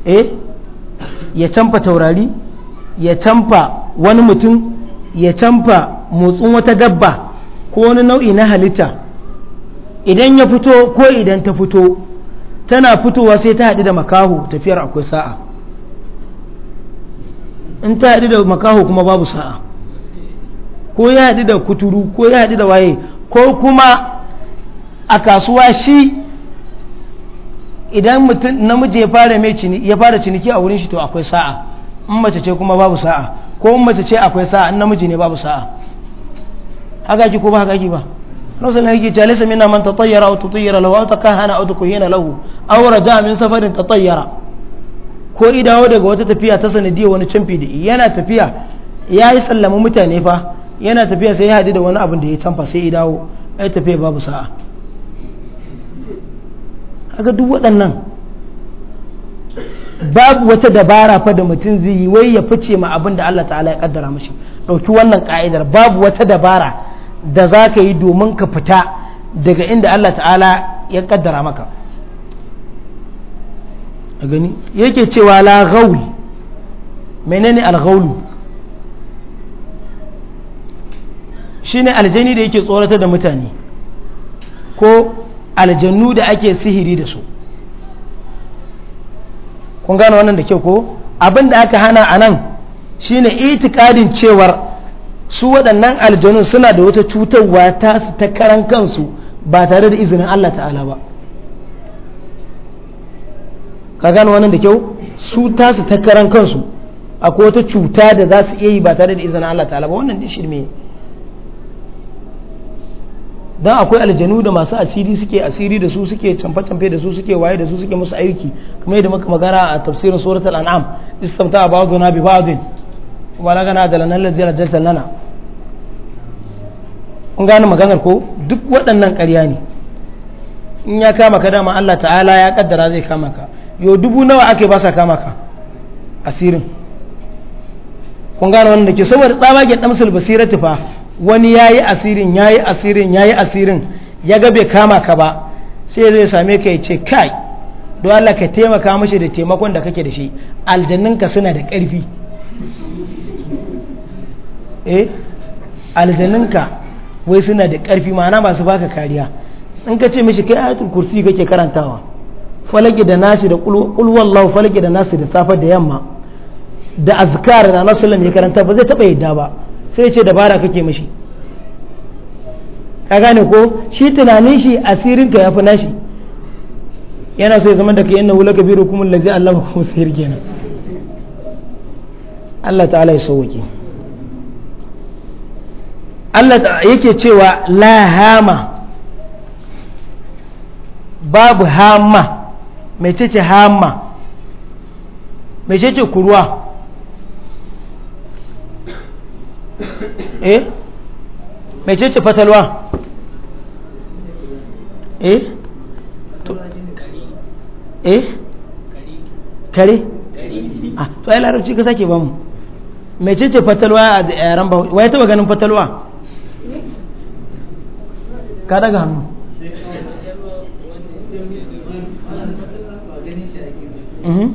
eh ya canfa taurari ya canfa wani mutum ya canfa motsin wata dabba ko wani nau'i na halitta idan ya fito ko idan ta fito tana fitowa sai ta haɗu da makaho tafiyar akwai sa'a in ta haɗu da makaho kuma babu sa'a ko ya haɗu da kuturu ko ya haɗu da waye ko kuma a kasuwa shi idan mutum namiji ya fara mai cini ya fara ciniki a wurin shi to akwai sa'a in mace ce kuma babu sa'a ko in mace ce akwai sa'a in namiji ne babu sa'a haka ki ko ba haka ki ba nasu ne yake jalisa mina man tatayyara aw tutayyara lahu ta kahana aw tukhina lahu aw raja min safarin tatayyara ko idawo daga wata tafiya ta sanadiyar wani canfi da yana tafiya ya yi sallama mutane fa yana tafiya sai ya haɗu da wani abin da ya canfa sai idawo ai tafiya babu sa'a kaga duk waɗannan babu wata dabara fa da mutum zai yi wai ya fice ma abin da Allah ta'ala ya kaddara mashi ɗauki wannan ka'idar babu wata dabara da za ka yi domin ka fita daga inda Allah ta'ala ya kaddara maka a gani yake cewa la ghaul menene al ghaul shine aljani da yake tsoratar da mutane ko aljannu da ake sihiri da su kun gane wannan da kyau ko abin da aka hana a nan shi ne itikadin cewar su waɗannan aljanun suna da wata cutarwa ta su ta karan kansu ba tare da izinin Allah ta'ala ba ka gane wannan da kyau su tasu ta karan kansu akwai wata cuta da za su iya yi ba tare da izinin Allah ta'ala ba wannan shirme ne dan akwai aljanu da masu asiri suke asiri da su suke canfa canfe da su suke waye da su suke musu aiki kuma yadda muka magana a tafsirin surat al-an'am istamta ba'duna bi ba'din wa la gana dalan allazi rajata lana kun gane maganar ko duk waɗannan ƙarya ne in ya kama ka dama Allah ta'ala ya kaddara zai kama ka yo dubu nawa ake ba sa kama ka asirin kun gane wanda ke saboda tsabagen damsul basiratu fa wani ya yi asirin ya yi asirin ya yi asirin ya ga bai kama ka ba sai zai same ka ya ce kai don Allah ka taimaka mashi da taimakon da kake da shi aljanninka suna da ƙarfi eh aljanninka wai suna da ƙarfi ma'ana ba su baka kariya in ka ce mishi kai ayatul kursi kake karantawa falaki da nasi da kulwallahu falaki da nasi da safar da yamma da azkar na nasullam ya karanta ba zai taɓa yadda ba sai ce dabara kake mashi ka gane ko shi tunanin shi asirin ka yafi nashi yana so ya zama da kai inna wula kabiru kuma lazi Allah ku sayar kenan Allah ta'ala ya sauke Allah yake cewa la hama babu hama ce hama mecece kuruwa eh mai cece fatalwa eh eh kare ah to ai larabci ka sake bamu mai cece fatalwa a yaran ba wai taba ganin fatalwa ka daga hannu mhm.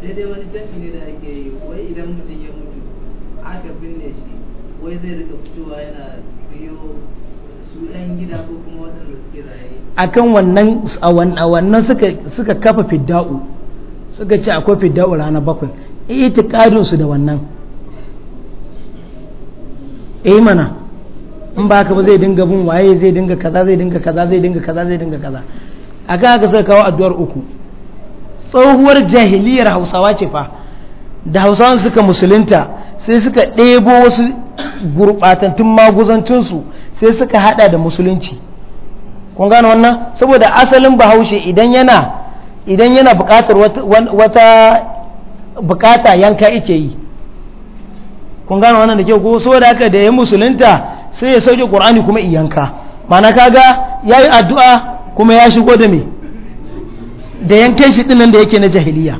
sai dai wani jami'ai da ake yi wai idan mutum ya mutu aka binne shi wai zai rika fitowa yana biyo su yan gida ko kuma waɗanda suke raye akan wannan a wannan suka suka kafa fidda'u suka ce akwai fidda'u rana bakwai itiqadin su da wannan eh mana in ba ka ba zai dinga bin waye zai dinga kaza zai dinga kaza zai dinga kaza zai dinga kaza A kan haka suka kawo addu'ar uku tsohuwar jahiliyar hausawa ce fa da hausawan suka musulunta sai suka ɗebo wasu gurɓatattun maguzancinsu sai suka hada da musulunci kun gane wannan saboda asalin bahaushe idan yana idan yana buƙatar wata buƙata yanka ike yi kun gane wannan da ke ko saboda haka da ya musulunta sai ya sauke qur'ani kuma iyanka mana kaga yayi addu'a kuma ya shigo da me da yankan shi dinnan da yake na jahiliya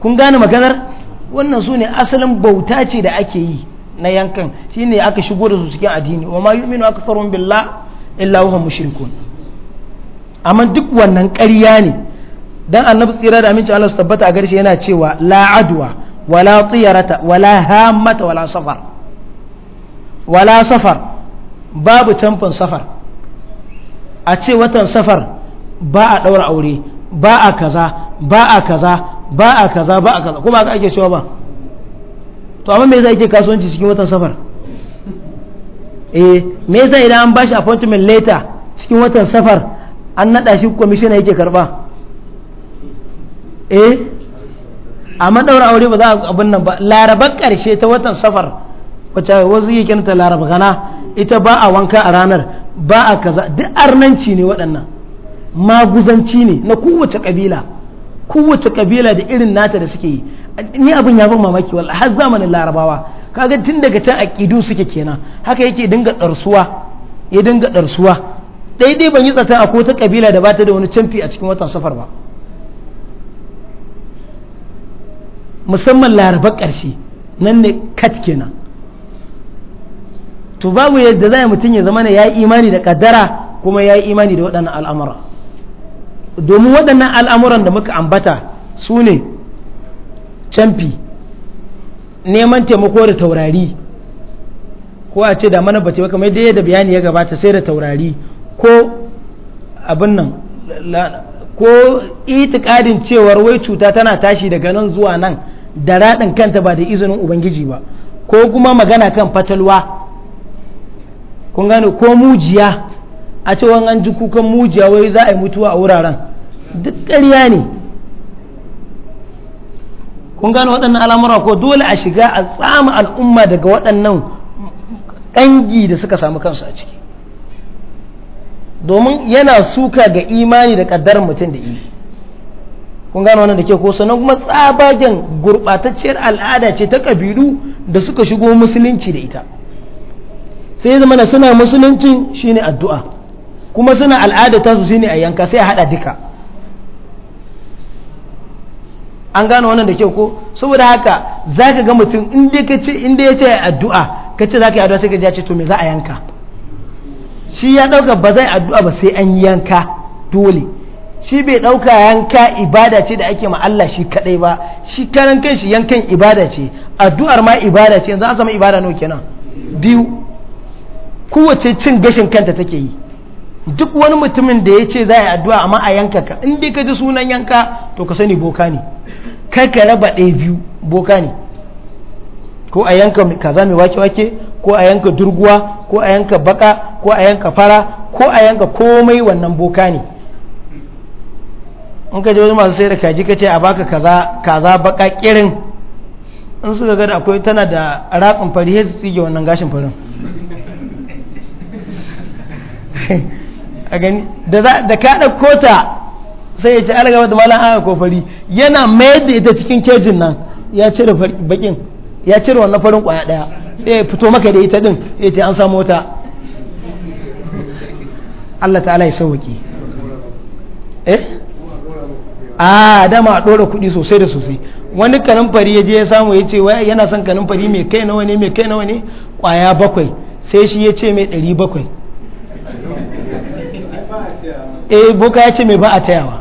kun gane maganar wannan su ne asalin bauta ce da ake yi na yankan shine aka shigo da su cikin addini wa ma yu'minu aktharuhum billah illa huwa mushrikun amma duk wannan ƙarya ne dan annabi tsira da amincin Allah su tabbata a garshe yana cewa la adwa wala tiyarata wala hammata wala safar wala safar babu tamfin safar a ce watan safar ba a ɗaura aure ba a kaza ba a kaza ba a kaza ba a kaza ko ba ka ake cewa ba to amma me zai ke kasuwanci cikin watan safar eh me zai idan an shi appointment later cikin watan safar an nada shi commissioner yake karba eh amma daura aure ba za a abin nan ba larabar karshe ta watan safar wacce wasu yi kanta laraba gana ita ba a wanka a ranar ba a kaza duk arnanci ne waɗannan maguzanci ne na kowace ƙabila kowace kabila da irin nata da suke yi ni abin ya ban mamaki wallahi har zamanin larabawa kaga tun daga can aqidu suke kenan haka yake dinga darsuwa ya dinga darsuwa daidai ban yi tsata akwai kowace kabila da bata da wani canfi a cikin watan safar ba musamman larabar ƙarshe nan ne kat kenan to babu yadda za mutum ya zama ya yi imani da kaddara kuma ya yi imani da waɗannan al'amura domin waɗannan al'amuran da muka ambata su ne camfi neman taimako da taurari ko a ce da mana ba taimaka mai daya da bayani ya gabata sai da taurari ko abin nan ko itikadin cewar wai cuta tana tashi daga nan zuwa nan da raɗin kanta ba da izinin ubangiji ba ko kuma magana kan fatalwa ko mujiya a ce wani an ji kukan mujiya wai za a yi mutuwa a wuraren duk ƙarya ne kun gano waɗannan al'amura ko dole a shiga a tsama al'umma daga waɗannan ƙangi da suka samu kansu a ciki domin yana suka ga imani da ƙaddar mutum da ihi kun gano wannan da ke ko sannan kuma tsabagen gurɓatacciyar al'ada ce ta ƙabilu da suka shigo musulunci da ita sai zama suna musuluncin shine addu'a kuma suna al'ada ta su shine a yanka sai a hada duka an gano wannan da kyau ko saboda haka zaka ga mutum inda ka ce inda ya ce addu'a ka ce zaka yi addu'a sai ka ji ya ce to me za a yanka shi ya dauka ba zai addu'a ba sai an yanka dole shi bai dauka yanka ibada ce da ake ma Allah shi kadai ba shi karan kanshi yankan ibada ce addu'ar ma ibada ce yanzu an samu ibada nawa kenan biyu kowace cin gashin kanta take yi duk wani mutumin da ya ce za a yi addu'a amma a yanka ka in dai ka ji sunan yanka to ka sani boka ne kai ka raba ɗaya biyu boka ne ko a yanka kaza mai wake-wake ko a yanka durguwa ko a yanka baka ko a yanka fara ko a yanka komai wannan boka ne in ka ji wani masu sai da kaji ka ce a baka kaza baka kirin in suka gada akwai tana da ratsin fari ya su tsige wannan gashin farin a gani da ka ɗauko ta sai ya ce an gaba da malam aka ko fari yana mayar da ita cikin kejin nan ya cire bakin ya cire wannan farin kwaya ɗaya sai ya fito maka da ita din ya ce an samu wata Allah ta'ala ya sauki eh a dama a ɗora kuɗi sosai da sosai wani kanin fari ya je ya samu ya ce yana son kanin fari mai kai nawa ne mai kai nawa ne kwaya bakwai sai shi ya ce mai ɗari bakwai eh boka ya ce mai ba a tayawa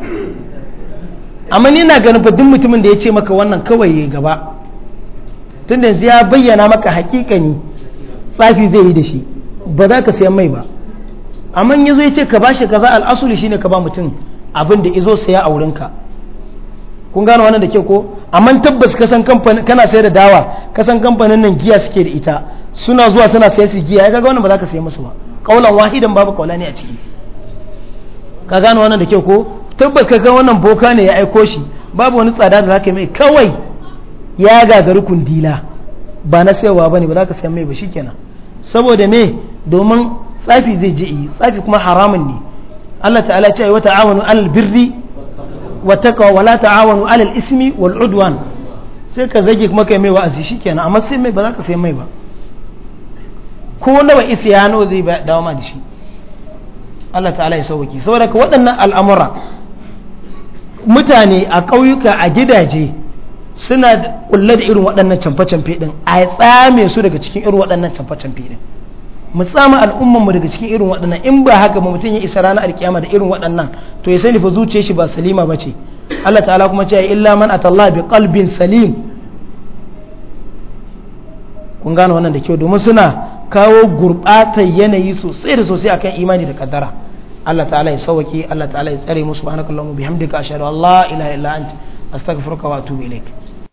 amma ni na ganin fadin mutumin da ya ce maka wannan kawai ya gaba tun da yanzu ya bayyana maka hakikani tsafi zai yi da shi ba za ka sayan mai ba amma ya zo ya ce ka ba shi kaza al'asuli shine ka ba mutum abin da izo saya a wurinka kun gano wannan da ke ko amma tabbas kasan kamfanin kana sayar da dawa kasan kamfanin nan giya suke da ita suna zuwa suna sayar su giya ya ga wannan ba za ka sayi musu ba kaulan wahidan babu ne a ciki ka gano wannan da kyau ko tabbas ka ga wannan boka ne ya aiko shi babu wani tsada da zaka mai kawai ya gagari kundila ba na sayawa bane ba za ka sayan mai ba shikenan saboda me domin tsafi zai je yi tsafi kuma haramun ne Allah ta'ala ya ce wa ta'awanu alal birri wa taqwa wa la ta'awanu alal ismi wal udwan sai ka zage kuma kai mai wa'azi shikenan amma sai mai ba za ka sayan mai ba ko wanda ba isyano zai dawo ma da shi Allah ta'ala ya sauki saboda ka waɗannan al'amura mutane a ƙauyuka a gidaje suna kulle da irin waɗannan camfe canfe ɗin a tsame su daga cikin irin waɗannan camfe canfe ɗin mu tsama al'ummanmu daga cikin irin waɗannan in ba haka ba mutum ya isa ranar alkiyama da irin waɗannan to ya sani fa zuciyar shi ba salima ba ce Allah ta'ala kuma ce illa man atallah bi qalbin salim kun gane wannan da kyau domin suna kawo gurɓatar yanayi sosai da sosai akan imani da kaddara Allah ta'ala ya sauwake Allah ta'ala ya tsare mu subhanakallahumma bihamdika ashhadu an la ilaha illa anta astaghfiruka wa atubu ilaik